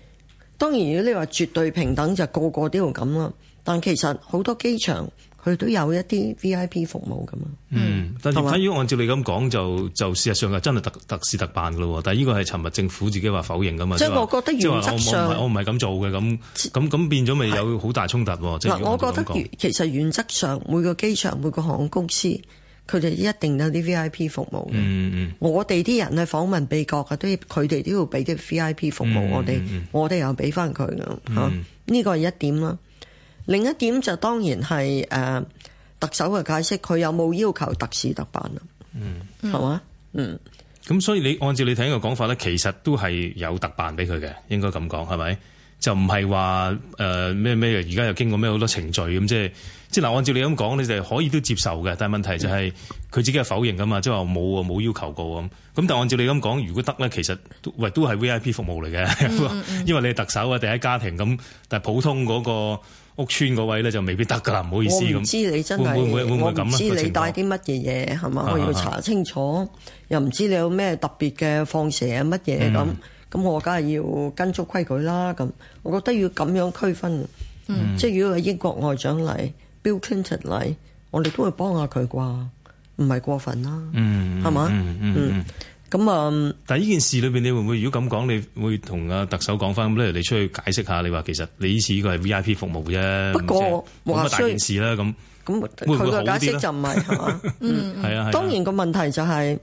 當然如果你話絕對平等就個個都要咁啦，但其實好多機場。佢都有一啲 V I P 服務噶嘛。嗯，但係如果按照你咁講，就就事實上係真係特特事特辦噶咯。但係呢個係尋日政府自己話否認噶嘛。即係我覺得原則上，我唔係咁做嘅咁咁咁變咗咪有好大衝突。嗱是，我覺得其實原則上每個機場每個航空公司，佢哋一定有啲 V I P 服務，嗯、我哋啲人去訪問美國啊，都要佢哋都要俾啲 V I P 服務我哋，我哋又俾翻佢呢個係一點啦。另一點就當然係誒、呃、特首嘅解釋，佢有冇要求特事特辦啊？嗯吧，係嘛？嗯，咁所以你按照你聽個講法咧，其實都係有特辦俾佢嘅，應該咁講係咪？就唔係話誒咩咩？而、呃、家又經過咩好多程序咁，即係即係嗱，按照你咁講你就可以都接受嘅。但係問題就係佢自己係否認噶嘛，即係話冇冇要求過咁。咁但係按照你咁講，如果得咧，其實喂都係 V I P 服務嚟嘅，嗯嗯 <laughs> 因為你係特首啊，第一家庭咁，但係普通嗰、那個。屋村嗰位咧就未必得噶啦，唔好意思。咁知你真係，我唔知你帶啲乜嘢嘢，係嘛況？我要查清楚，啊啊啊又唔知你有咩特別嘅放蛇啊乜嘢咁。咁、嗯、我梗係要跟足規矩啦。咁我覺得要咁樣區分。嗯，即係如果係英國外長嚟，Bill Clinton 嚟，我哋都會幫下佢啩，唔係過分啦。嗯，係嘛吧？嗯嗯。嗯咁啊！但係呢件事裏邊，你會唔會如果咁講，你會同阿特首講翻咁咧？你出去解釋下，你話其實你呢次呢個係 VIP 服務啫。不過，冇大件事啦，咁咁佢個解釋就唔係係嘛。嗯，係啊。當然個問題就係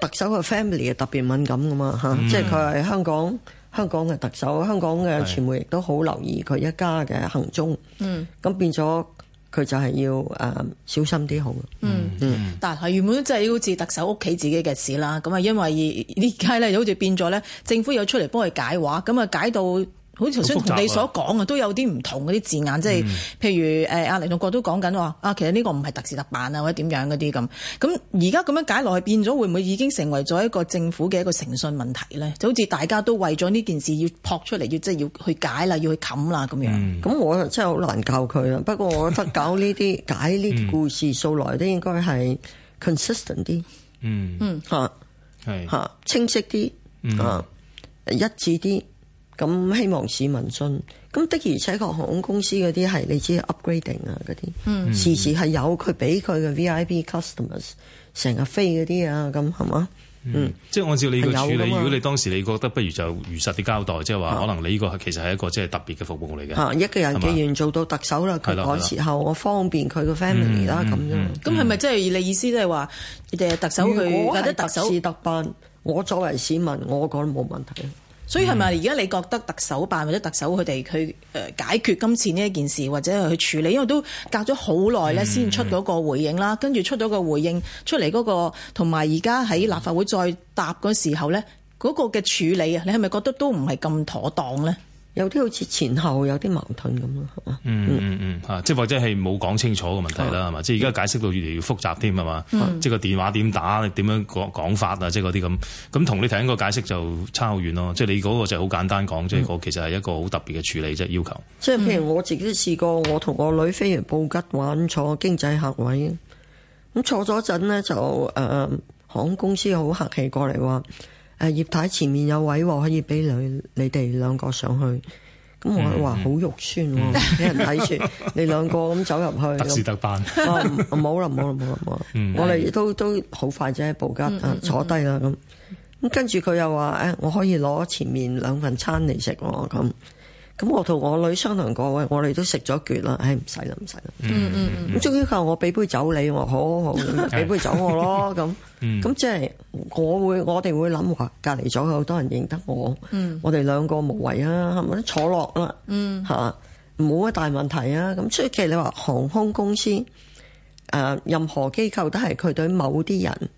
特首個 family 係特別敏感噶嘛吓，即係佢係香港香港嘅特首，香港嘅傳媒亦都好留意佢一家嘅行蹤。嗯，咁變咗。佢就係要誒、呃、小心啲好嘅，嗯嗯，嗯但係原本真係好似特首屋企自己嘅事啦，咁啊，因為而家咧好似變咗咧，政府又出嚟幫佢解話，咁啊解到。好似頭先同你所講啊，都有啲唔同嗰啲字眼，即係、嗯、譬如誒阿、啊、林同國都講緊話啊，其實呢個唔係特事特辦啊，或者點樣嗰啲咁。咁而家咁樣解落去，變咗會唔會已經成為咗一個政府嘅一個誠信問題咧？就好似大家都為咗呢件事要撲出嚟，要即係要去解啦，要去冚啦咁樣。咁、嗯、我真係好難教佢啦。不過我覺得搞呢啲、 <laughs> 嗯、解呢啲故事，數來都應該係 consistent 啲，嗯嗯嚇係嚇清晰啲啊、嗯、啊一致啲。咁希望市民信，咁的而且確航空公司嗰啲係你知 upgrading 啊嗰啲，時時係有佢俾佢嘅 VIP customers 成日飛嗰啲啊，咁係嘛？嗯，即係按照你嘅處理，如果你當時你覺得不如就如實啲交代，即係話可能你呢個其實係一個即係特別嘅服務嚟嘅。一個人既然做到特首啦，咁嗰時候我方便佢嘅 family 啦，咁樣，咁係咪即係你意思即係話，誒特首去？或者特首是特辦，我作為市民，我覺得冇問題。所以係咪而家你覺得特首辦或者特首佢哋去誒解決今次呢一件事，或者去處理？因為都隔咗好耐咧，先出嗰個回應啦，嗯嗯、跟住出咗個回應出嚟嗰、嗰個，同埋而家喺立法會再答嗰時候咧，嗰、嗰個嘅處理啊，你係咪覺得都唔係咁妥當咧？有啲好似前後有啲矛盾咁咯，係嘛？嗯嗯嗯，啊、嗯，即係或者係冇講清楚嘅問題啦，係嘛、啊？即係而家解釋到越嚟越複雜添，係嘛、嗯？即個、就是、電話點打，點樣講講法啊？即係嗰啲咁，咁同你頭先個解釋就差好遠咯。即、就、係、是、你嗰個就好簡單講，即係個其實係一個好特別嘅處理啫，就是、要求。嗯、即係譬如我自己都試過，我同我女飛完布吉玩，玩坐經濟客位，咁坐咗陣呢，就、呃、誒，航空公司好客氣過嚟話。誒、啊、葉太，前面有位，可以俾你，你哋兩個上去。咁我話好肉酸喎，俾、嗯嗯、人睇住， <laughs> 你兩個咁走入去。特 <laughs> 事特辦。唔好啦，唔好啦，唔好啦，唔好啦。嗯嗯，我哋都都好快就啫，喺步階坐低啦咁。咁跟住佢又話：誒、哎，我可以攞前面兩份餐嚟食喎咁。咁我同我女商量過，喂，我哋都食咗絕啦，唉，唔使啦，唔使啦。嗯嗯嗯。咁、hmm. 終於佢話我俾杯酒你，我好好，俾杯酒我咯，咁。 <laughs> 咁即係我會，我哋會諗話隔籬咗好多人認得我。嗯、mm。Hmm. 我哋兩個無謂啊，係咪坐落啦？嗯、mm。吓、hmm.，冇乜大問題啊。咁所以其實你話航空公司，誒、呃，任何機構都係佢對某啲人，誒、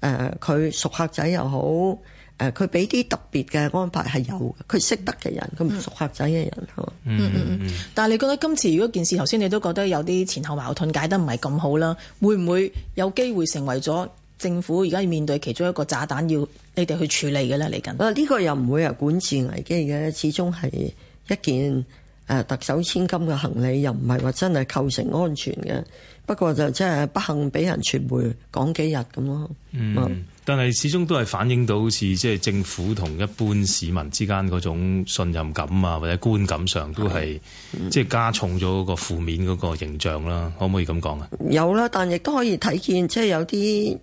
呃，佢熟客仔又好。誒佢俾啲特別嘅安排係有，佢識得嘅人，佢唔熟客仔嘅人，係嘛？嗯嗯嗯。但係你覺得今次如果件事頭先你都覺得有啲前後矛盾，解得唔係咁好啦，會唔會有機會成為咗政府而家面對其中一個炸彈要你哋去處理嘅咧？嚟緊？呢、嗯嗯、個又唔會係管治危機嘅，始終係一件誒、呃、特首千金嘅行李，又唔係話真係構成安全嘅。不過就真係不幸俾人傳媒講幾日咁咯。嗯嗯但係始終都係反映到，好似即係政府同一般市民之間嗰種信任感啊，或者觀感上都係即係加重咗嗰個負面嗰個形象啦、啊。可唔可以咁講啊？有啦，但亦都可以睇見，即係有啲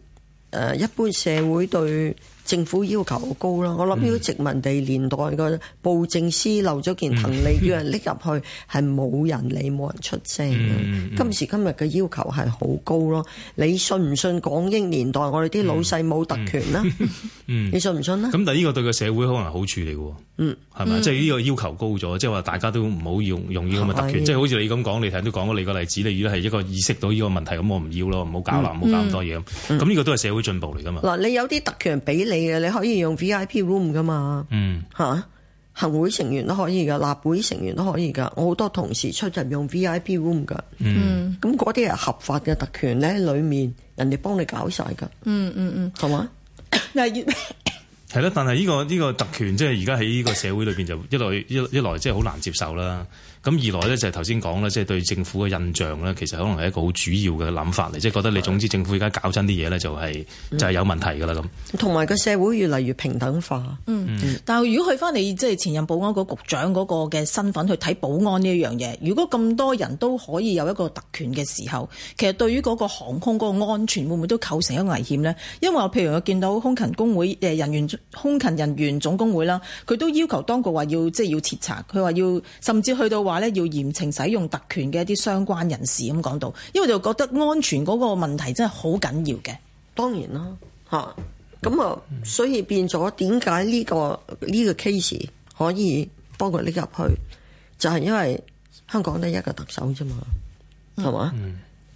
誒一般社會對政府要求好高啦，我諗呢個殖民地年代個布政司漏咗件行李叫人拎入去，係冇人理冇人出聲。今時今日嘅要求係好高咯，你信唔信港英年代我哋啲老細冇特權呢？你信唔信呢？咁但係呢個對個社會可能好處嚟嘅，嗯，係咪？即係呢個要求高咗，即係話大家都唔好用用呢咁嘅特權。即係好似你咁講，你睇先都講咗你個例子，你如果係一個意識到呢個問題，咁我唔要咯，唔好搞啦，唔好搞咁多嘢咁。咁呢個都係社會進步嚟噶嘛？嗱，你有啲特權俾你。你可以用 V I P room 噶嘛？吓、嗯、行會成員都可以噶，立會成員都可以噶。我好多同事出入用 V I P room 噶，咁嗰啲係合法嘅特權咧。裏面人哋幫你搞晒噶，嗯，嗯嗯嗯，係嘛？嗱。係咯，但係呢個呢個特權，即係而家喺呢個社會裏邊就一來一一來即係好難接受啦。咁二來呢，就係頭先講啦，即係對政府嘅印象呢，其實可能係一個好主要嘅諗法嚟，嗯、即係覺得你總之政府而家搞親啲嘢呢，就係就係有問題㗎啦咁。同埋個社會越嚟越平等化，嗯嗯、但係如果去翻你即係前任保安局局長嗰個嘅身份去睇保安呢一樣嘢，如果咁多人都可以有一個特權嘅時候，其實對於嗰個航空嗰個安全會唔會都構成一個危險呢？因為譬如我見到空勤工會人員。空勤人員總工會啦，佢都要求當局話要即係要徹查，佢話要甚至去到話咧要嚴懲使用特權嘅一啲相關人士咁講到，因為就覺得安全嗰個問題真係好緊要嘅。當然啦，吓咁啊，所以變咗點解呢個呢、這個 case 可以幫佢拎入去，就係、是、因為香港得一個特首啫、那個、嘛，係嘛？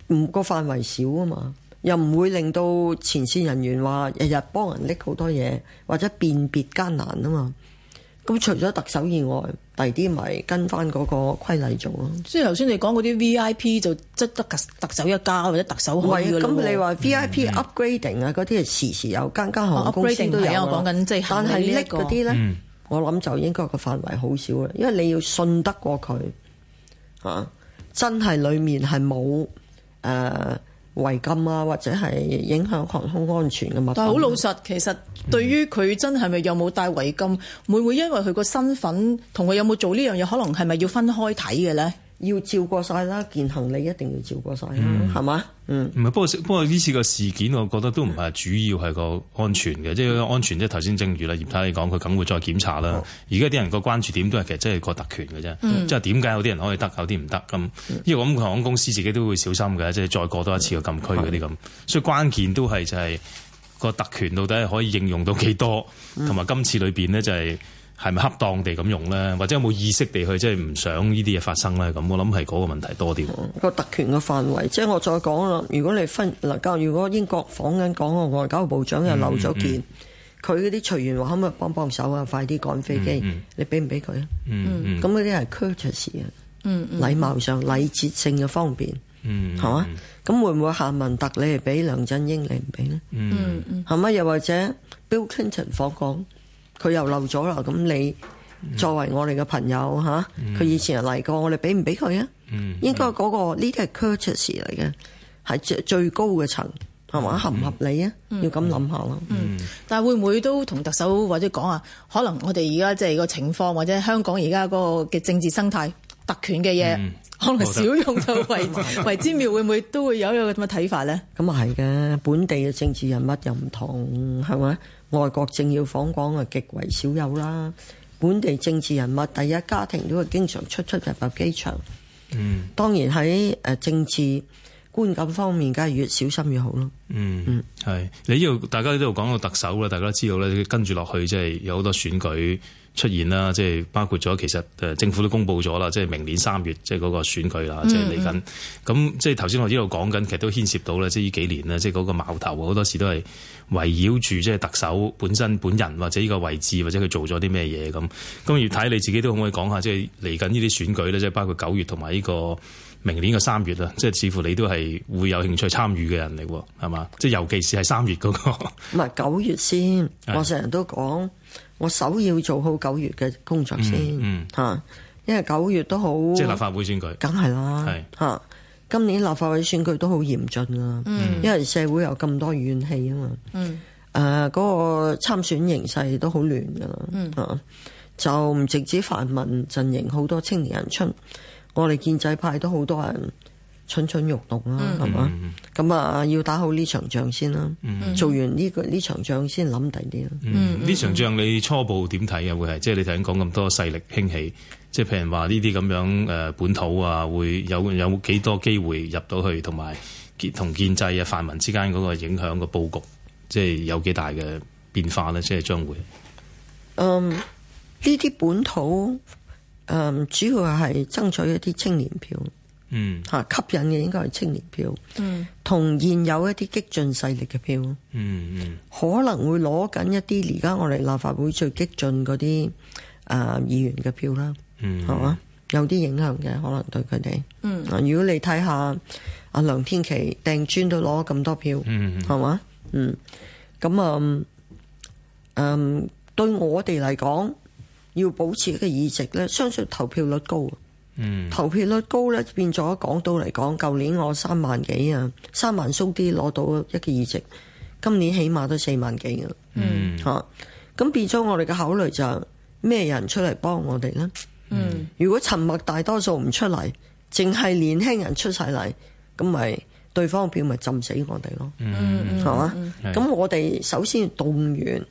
嗯，個範圍少啊嘛。又唔會令到前線人員話日日幫人拎好多嘢，或者辨別艱難啊嘛。咁除咗特首以外，第二啲咪跟翻嗰個規例做咯。即係頭先你講嗰啲 V I P 就只得特首一家或者特首開咁、嗯、你話 V I P upgrading 啊嗰啲係時時有，間間航空公司都有啦、啊嗯。但係拎、呢個啲咧，呢嗯、我諗就應該個範圍好少啦，因為你要信得過佢嚇、啊，真係裡面係冇誒。呃違禁啊，或者係影響航空安全嘅物品。但係好老實，其實對於佢真係咪有冇帶違禁，會唔會因為佢個身份同佢有冇做呢樣嘢，可能係咪要分開睇嘅咧？要照過晒啦，件行李一定要照過晒。啦、嗯，係嘛？嗯，唔係不，不過不過呢次個事件，我覺得都唔係主要係個安全嘅，嗯、即係安全即係頭先正如啦，葉太你講，佢梗會再檢查啦。嗯、而家啲人個關注點都係其實真係個特權嘅啫，嗯、即係點解有啲人可以得，有啲唔得咁？嗯、因為咁，航空公司自己都會小心嘅，即係再過多一次個禁區嗰啲咁，所以關鍵都係就係個特權到底可以應用到幾多，同埋今次裏邊呢就係、是。嗯嗯係咪恰當地咁用咧？或者有冇意識地去即係唔想呢啲嘢發生咧？咁我諗係嗰個問題多啲個特權嘅範圍。即係我再講啦。如果你分嗱，假如如果英國訪緊港嘅外交部長又漏咗件，佢嗰啲隨員話，可唔可以幫幫手啊？快啲趕飛機！嗯嗯、你俾唔俾佢啊？咁嗰啲係 courtesy 啊，嗯嗯嗯、禮貌上禮節性嘅方便，係嘛、嗯？咁會唔會夏文特你係俾梁振英，你唔俾呢？係咪、嗯？又、嗯、或者 Bill Clinton 訪港？佢又漏咗啦，咁你作為我哋嘅朋友嚇，佢、mm hmm. 啊、以前嚟過，我哋俾唔俾佢啊？Mm hmm. 應該嗰、嗰個呢啲係 courtesy 嚟嘅，係最高嘅層，係嘛，合唔合理啊？Mm hmm. 要咁諗下咯。嗯，但係會唔會都同特首或者講啊？可能我哋而家即係個情況，或者香港而家嗰個嘅政治生態，特權嘅嘢。Mm hmm. 可能少用就為 <laughs> 為之妙，會唔會都會有一個咁嘅睇法咧？咁啊係嘅，本地嘅政治人物又唔同，係咪？外國政要訪港啊，極為少有啦。本地政治人物第一家庭都係經常出出入入機場。嗯，當然喺誒政治觀感方面，梗係越小心越好咯。嗯嗯，係、嗯、你呢度，大家呢度講到特首啦，大家都知道咧，跟住落去即係有好多選舉。出現啦，即係包括咗其實誒政府都公布咗啦，即係明年三月即係嗰個選舉啦，嗯嗯即係嚟緊。咁即係頭先我呢度講緊，其實都牽涉到啦，即係呢幾年啦，即係嗰個矛頭好多時都係圍繞住即係特首本身本人或者呢個位置或者佢做咗啲咩嘢咁。咁越睇你自己都可唔可以講下，即係嚟緊呢啲選舉咧，即係包括九月同埋呢個明年嘅三月啦。即係似乎你都係會有興趣參與嘅人嚟喎，係嘛？即係尤其是係三月嗰個，唔係九月先。的我成日都講。我首要做好九月嘅工作先，吓、嗯，嗯、因為九月都好，即係立法會選舉，梗係啦，吓係、啊，今年立法會選舉都好嚴峻啦，嗯、因為社會有咁多怨氣啊嘛，誒、嗯，嗰、啊嗰個參選形勢都好亂噶，吓、嗯啊，就唔直指泛民陣營好多青年人出，我哋建制派都好多人。蠢蠢欲動啦、啊，係嘛、嗯？咁啊，要打好呢場仗先啦、啊。嗯、做完呢個呢場仗先諗第啲啦。呢、嗯嗯、場仗你初步點睇啊？會係即係你頭先講咁多勢力興起，即係譬如話呢啲咁樣誒、呃、本土啊，會有有幾多機會入到去，同埋同建制啊、泛民之間嗰個影響個布局，即係有幾大嘅變化呢？即係將會嗯呢啲本土誒、嗯，主要係爭取一啲青年票。嗯，吓吸引嘅應該係青年票，嗯、同現有一啲激進勢力嘅票，嗯嗯，嗯可能會攞緊一啲而家我哋立法會最激進嗰啲誒議員嘅票啦，係嘛、嗯，有啲影響嘅，可能對佢哋、嗯嗯，嗯，如果你睇下阿梁天琦，掟磚都攞咁多票，係嘛，嗯，咁啊，嗯，對我哋嚟講，要保持一個議席咧，相信投票率高。投票率高咧，變咗港島嚟講，舊年我三萬幾啊，三萬蘇啲攞到一個議席，今年起碼都四萬幾啦。嗯，吓咁、啊、變咗我哋嘅考慮就咩、是、人出嚟幫我哋呢？嗯，如果沉默大多數唔出嚟，淨係年輕人出晒嚟，咁咪對方票咪浸死我哋咯？嗯，係嘛？咁我哋首先動員。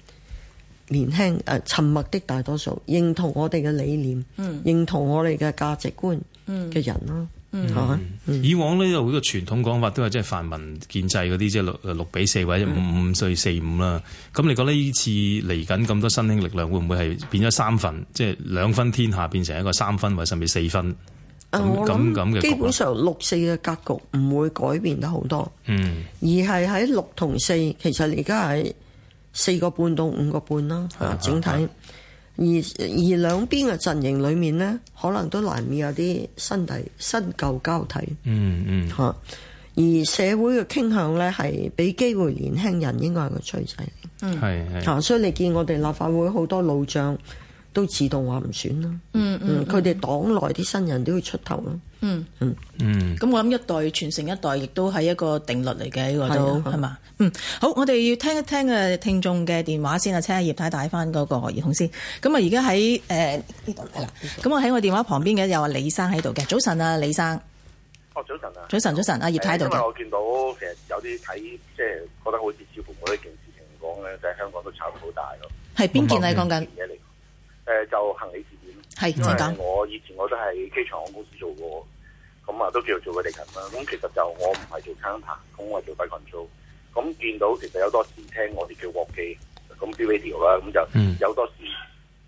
年輕誒、呃、沉默的大多數認同我哋嘅理念，認同我哋嘅、嗯、價值觀嘅人咯、嗯啊、以往呢有好多傳統講法都係即係泛民建制嗰啲，即係六六比四或者五五歲四五啦。咁你覺得呢次嚟緊咁多新興力量，會唔會係變咗三分，即、就、係、是、兩分天下變成一個三分，或者甚至四分咁咁嘅格局？基本上六四嘅格局唔會改變得好多，嗯，而係喺六同四，其實而家係。四個半到五個半啦，整體而而兩邊嘅陣營裏面呢，可能都難免有啲新體新舊交替。嗯嗯，吓而社會嘅傾向呢，係俾機會年輕人，應該係個趨勢。嗯，係係所以你見我哋立法會好多老將。都自動話唔選啦。嗯嗯，佢哋黨內啲新人都要出頭咯。嗯嗯嗯。咁、嗯、我諗一代傳承一代，亦都係一個定律嚟嘅。呢個都係嘛？吧嗯，好，我哋要聽一聽嘅聽眾嘅電話先，太太先在在、呃、啊。請阿葉太帶翻嗰個耳筒先。咁啊，而家喺誒呢度係啦。咁我喺我電話旁邊嘅有阿李生喺度嘅。早晨啊，李生。哦，早晨啊。早晨，早晨。阿、啊、葉太喺度嘅。因為我見到其實有啲睇，即係覺得好似似乎每一件事情況咧，喺香港都差唔多大咯。係邊件啊？講緊、嗯。誒、呃、就行李事件咯，係的我以前我都喺機場公司做過，咁啊都叫做做過地勤啦。咁其實就我唔係做 counter，咁我做 load control。咁見到其實有多時聽我哋叫鍋機，咁 video 啦，咁就有多時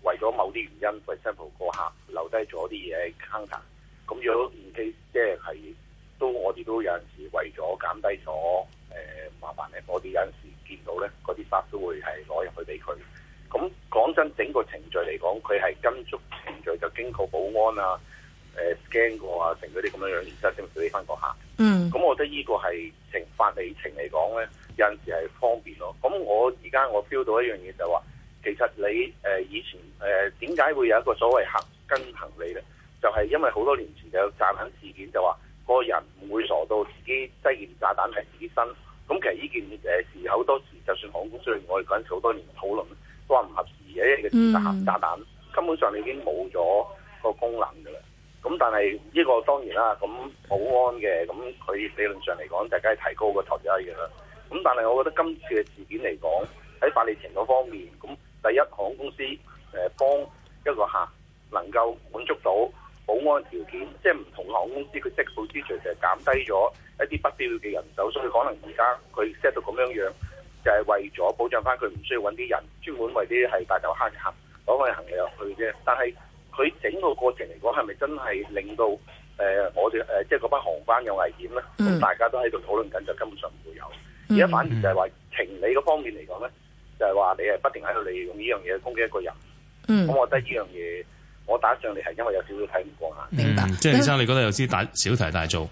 為咗某啲原因，for example 個客留低咗啲嘢喺 counter，咁如果 case, 有啲即係都我哋都有陣時為咗減低咗誒、呃、麻煩咧，我哋有陣時見到咧嗰啲衫都會係攞入去俾佢。咁講真，整個程序嚟講，佢係跟足程序，就經過保安啊、誒、呃、驚過啊、成嗰啲咁樣樣，然之後先俾翻個客。嗯。咁我覺得呢個係情法理情嚟講咧，有陣時係方便咯。咁我而家我 feel 到一樣嘢就話，其實你誒、呃、以前誒點解會有一個所謂行跟行李咧？就係、是、因為好多年前就有炸彈事件就，就、那、話個人唔會傻到自己擠件炸彈喺自己身。咁其實呢件誒事好多時，就算航空公司，我哋講緊好多年討論。都話唔合時嘅一個炸炸彈，根本上你已經冇咗個功能噶啦。咁但係呢個當然啦，咁保安嘅咁佢理論上嚟講，就梗係提高個台階嘅啦。咁但係我覺得今次嘅事件嚟講，喺法理程嗰方面，咁第一航空公司誒幫一個客能夠滿足到保安條件，即係唔同航空公司佢即係之馀，就係減低咗一啲不必要嘅人手，所以可能而家佢 set 到咁樣樣。就係為咗保障翻佢唔需要揾啲人專門為啲係大頭蝦嘅客攞佢行李入去啫。但係佢整個過程嚟講，係咪真係令到誒、呃、我哋誒、呃、即係嗰班航班有危險咧？咁、嗯、大家都喺度討論緊，就根本上唔會有。嗯、而家反而就係話情理嗰方面嚟講咧，嗯、就係話你係不停喺度利用呢樣嘢攻擊一個人。咁、嗯、我覺得呢樣嘢，我打上嚟係因為有少少睇唔過眼。明白？嗯、即係先生，你覺得有啲小題大做？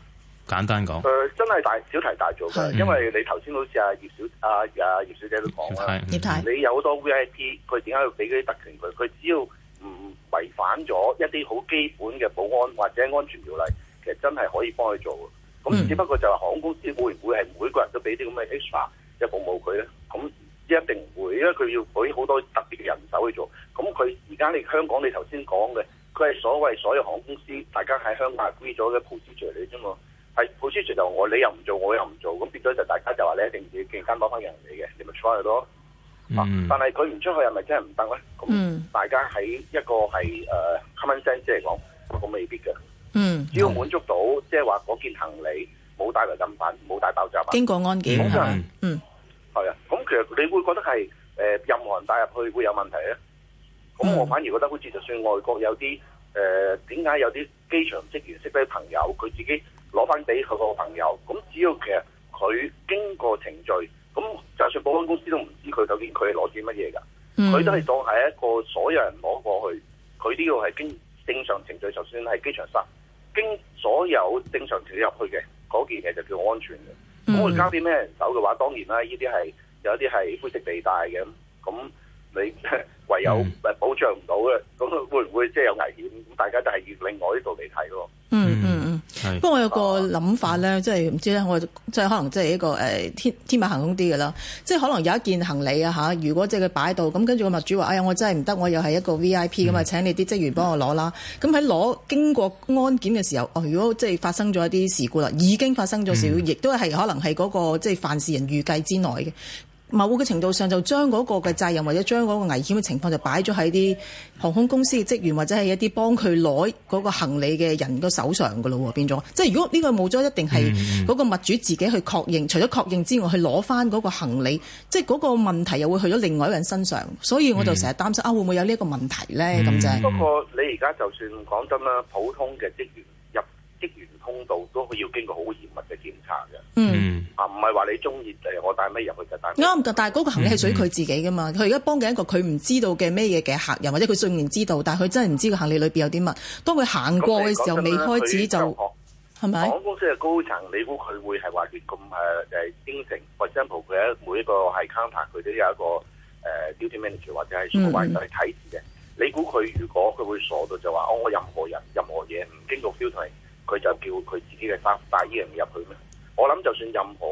簡單講，誒、呃、真係大小題大做嘅，嗯、因為你頭先好似阿葉小阿阿、啊、葉小姐都講啦，葉太，你有好多 VIP，佢點解要俾啲特權佢？佢只要唔違反咗一啲好基本嘅保安或者安全條例，其實真係可以幫佢做。咁只不過就係航空公司會唔會係每個人都俾啲咁嘅 extra 嘅服務佢咧？咁一定唔會，因為佢要俾好多特別嘅人手去做。咁佢而家你香港你頭先講嘅，佢係所謂所有航空公司大家喺香港 agree 咗嘅 procedure 嚟啫嘛。係好舒適就我你又唔做我又唔做咁變咗就大家就話你一定要件包攞翻人哋嘅，你咪、mm. 啊、出去咯。但係佢唔出去係咪真係唔得咧？嗯，大家喺一個係誒 common sense 即係講，咁、uh, 那個、未必嘅。嗯，mm. 只要滿足到即係話嗰件行李冇帶違禁品，冇帶,帶爆炸物，經過安檢。嗯就，係啊、mm.。咁其實你會覺得係誒、呃、任何人帶入去會有問題咧？咁我反而覺得好似就算外國有啲誒點解有啲機場職員識啲朋友佢自己。攞翻俾佢個朋友，咁只要其實佢經過程序，咁就算保安公司都唔知佢究竟佢係攞住乜嘢㗎，佢都係當係一個所有人攞過去，佢呢個係經正常程序，就算係機場失，經所有正常程序入去嘅嗰件嘢就叫安全嘅。咁會、嗯、加啲咩人手嘅話，當然啦，呢啲係有一啲係灰色地帶嘅，咁你 <laughs> 唯有保障唔到嘅，咁、嗯、會唔會即係有危險？咁大家就係以另外呢度嚟睇咯。嗯嗯。不過是我有個諗法咧，哦、即係唔知咧，我即係可能即係一個誒天天馬行空啲嘅啦，即係可能有一件行李啊嚇，如果即係佢擺喺度，咁跟住個物主話：哎呀，我真係唔得，我又係一個 VIP，咁啊請你啲職員幫我攞啦。咁喺攞經過安檢嘅時候，哦，如果即係發生咗一啲事故啦，已經發生咗事故，亦、嗯、都係可能係嗰、那個即係犯事人預計之內嘅。某個程度上，就將嗰個嘅責任或者將嗰個危險嘅情況就擺咗喺啲航空公司嘅職員或者係一啲幫佢攞嗰個行李嘅人嘅手上噶咯，變咗。即係如果呢個冇咗，一定係嗰個物主自己去確認。嗯、除咗確認之外，去攞翻嗰個行李，即係嗰個問題又會去咗另外一個人身上。所以我就成日擔心、嗯、啊，會唔會有呢一個問題咧？咁啫、嗯就係。不過你而家就算講真啦，普通嘅職員入職員通道都係要經過好嚴密嘅檢查嘅。嗯，啊，唔係話你中意就誒，我帶咩入去就帶。啱，嗯、但係嗰個行李係屬於佢自己噶嘛？佢而家幫緊一個佢唔知道嘅咩嘢嘅客人，或者佢雖然知道，但係佢真係唔知個行李裏邊有啲乜。當佢行過嘅時候，未、嗯、開始就係咪？航空公司嘅高層，你估佢會係話佢咁誒誒應承？For example，佢喺每一個係 counter，佢都有一個誒 duty manager 或者係主管嚟睇住嘅。嗯嗯你估佢如果佢會傻到就話我任何人任何嘢唔經過 duty 佢就叫佢自己嘅衫帶啲人入去咩？我諗，就算任何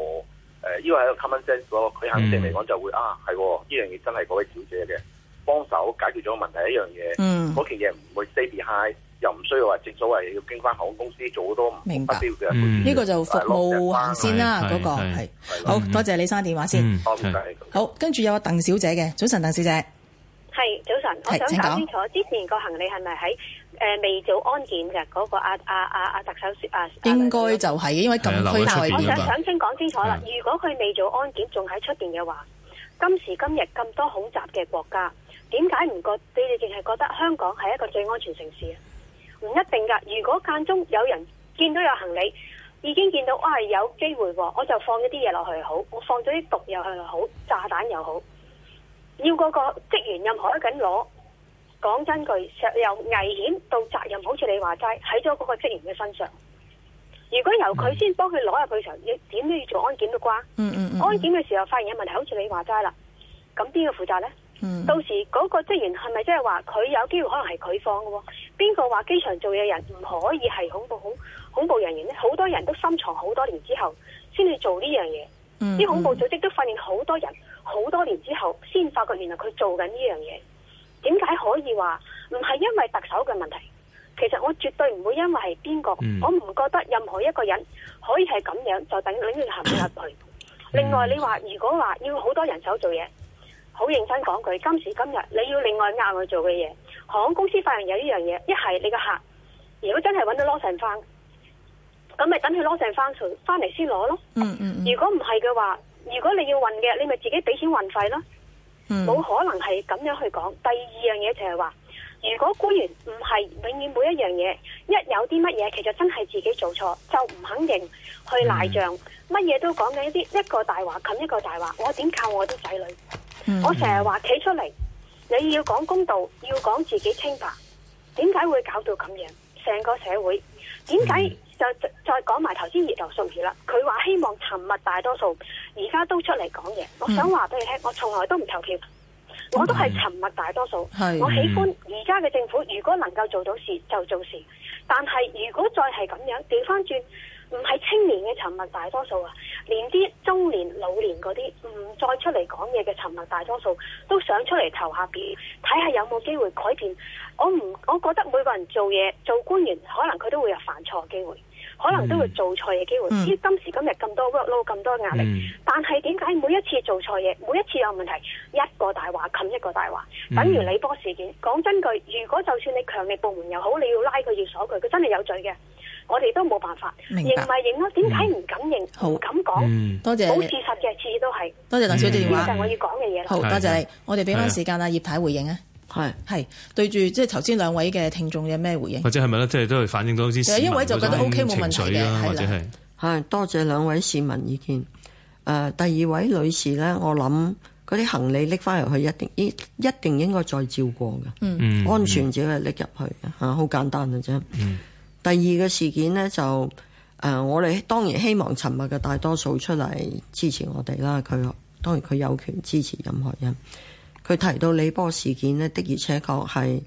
呢個係一個 common sense 嗰個，佢肯定嚟講就會啊。係喎，呢樣嘢真係嗰位小姐嘅幫手解決咗問題，一樣嘢，嗰件嘢唔會 stay behind 又唔需要話正所謂要經翻航空公司做好多唔明白嘅，呢個就服務行先啦，嗰個好多謝你，李生電話先。好，跟住有啊，鄧小姐嘅，早晨，鄧小姐，係早晨，我想問清楚之前個行李係咪喺？誒、呃、未做安檢嘅嗰個阿阿阿阿特首説啊，應該就係、是、因為咁區喺邊啊，我想想清講清楚啦，是的 如果佢未做安檢，仲喺出邊嘅話，今時今日咁多恐襲嘅國家，點解唔覺？你哋淨係覺得香港係一個最安全城市啊？唔一定㗎。如果間中有人見到有行李，已經見到我係、哎、有機會，我就放一啲嘢落去好，我放咗啲毒入去好，炸彈又好，要嗰個職員任何一緊攞。講真句，由危險到責任，好似你話齋，喺咗嗰個職員嘅身上。如果由佢先幫佢攞入去場，要點都要做安檢嘅啩？嗯嗯嗯、安檢嘅時候發現有問題，好似你話齋啦，咁邊個負責咧？嗯、到時嗰、嗰個職員係咪即係話佢有機會可能係佢放嘅？邊個話機場做嘢人唔可以係恐怖恐恐怖人員咧？好多人都深藏好多年之後先去做呢樣嘢。啲、嗯嗯嗯、恐怖組織都發現好多人好多年之後先發覺原來佢做緊呢樣嘢。點解可以話唔係因為特首嘅問題？其實我絕對唔會因為係邊個，嗯、我唔覺得任何一個人可以係咁樣就等於你要含佢入去。嗯、另外你，你話如果話要好多人手做嘢，好認真講句，今時今日你要另外額外做嘅嘢，航空公司發現有呢樣嘢，一係你個客，如果真係揾到攞成翻，咁咪等佢攞成翻，從翻嚟先攞咯。嗯嗯。如果唔係嘅話，如果你要運嘅，你咪自己畀錢運費咯。冇、mm hmm. 可能係咁樣去講。第二樣嘢就係話，如果官員唔係永遠每一樣嘢，一有啲乜嘢，其實真係自己做錯，就唔肯認，去賴賬，乜嘢都講緊一啲一個大話，冚一個大話，我點靠我啲仔女？Mm hmm. 我成日話企出嚟，你要講公道，要講自己清白，點解會搞到咁樣？成個社會點解？就再講埋頭先葉劉淑儀啦。佢話希望沉默大多數，而家都出嚟講嘢。我想話俾你聽，我從來都唔投票，我都係沉默大多數。嗯、我喜歡而家嘅政府，如果能夠做到事就做事。但係如果再係咁樣調翻轉，唔係青年嘅沉默大多數啊，連啲中年、老年嗰啲唔再出嚟講嘢嘅沉默大多數，都想出嚟投下票，睇下有冇機會改變。我唔，我覺得每個人做嘢做官員，可能佢都會有犯錯機會。可能都會做錯嘅機會，依今時今日咁多 work load 咁多壓力，但係點解每一次做錯嘢，每一次有問題，一個大話冚一個大話？等如李波事件，講真句，如果就算你強力部門又好，你要拉佢要鎖佢，佢真係有罪嘅，我哋都冇辦法認咪認咯？點解唔敢認？唔敢講？多謝。好事實嘅，次次都係。多謝鄧小姐呢，就我要講嘅嘢。好多謝你。我哋俾翻時間阿葉太回應啊。係係，對住，即係頭先兩位嘅聽眾有咩回應或者係咪咧？即係都係反映到啲市民嘅情緒嘅，第一位就覺得 OK 冇問題或者係係，多謝兩位市民意見。誒、呃，第二位女士咧，我諗嗰啲行李拎，翻入去一定一一定應該再照過嘅，嗯，安全只係拎入去吓，好、嗯啊、簡單嘅啫。嗯、第二個事件咧就，誒、呃，我哋當然希望沉默嘅大多數出嚟支持我哋啦。佢當然佢有權支持任何人。佢提到李波事件呢，的而且確係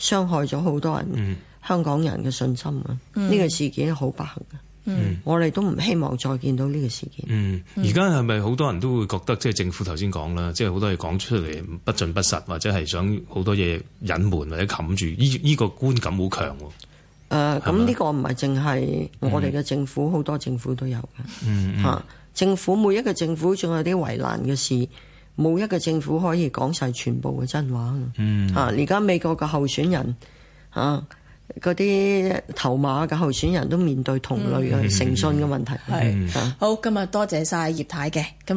傷害咗好多人、嗯、香港人嘅信心啊！呢、嗯、個事件好、嗯、不幸嘅，我哋都唔希望再見到呢個事件。而家係咪好多人都會覺得，即係政府頭先講啦，即係好多嘢講出嚟不盡不實，或者係想好多嘢隱瞞或者冚住？呢、這、依個觀感好強喎。誒、呃，咁呢吧個唔係淨係我哋嘅政府，好、嗯、多政府都有嘅。嚇、嗯嗯啊，政府每一個政府仲有啲為難嘅事。冇一個政府可以講晒全部嘅真話、嗯、啊！而家美國嘅候選人啊，啲頭馬嘅候選人都面對同類嘅、嗯、誠信嘅問題。係好，今日多謝晒葉太嘅今日。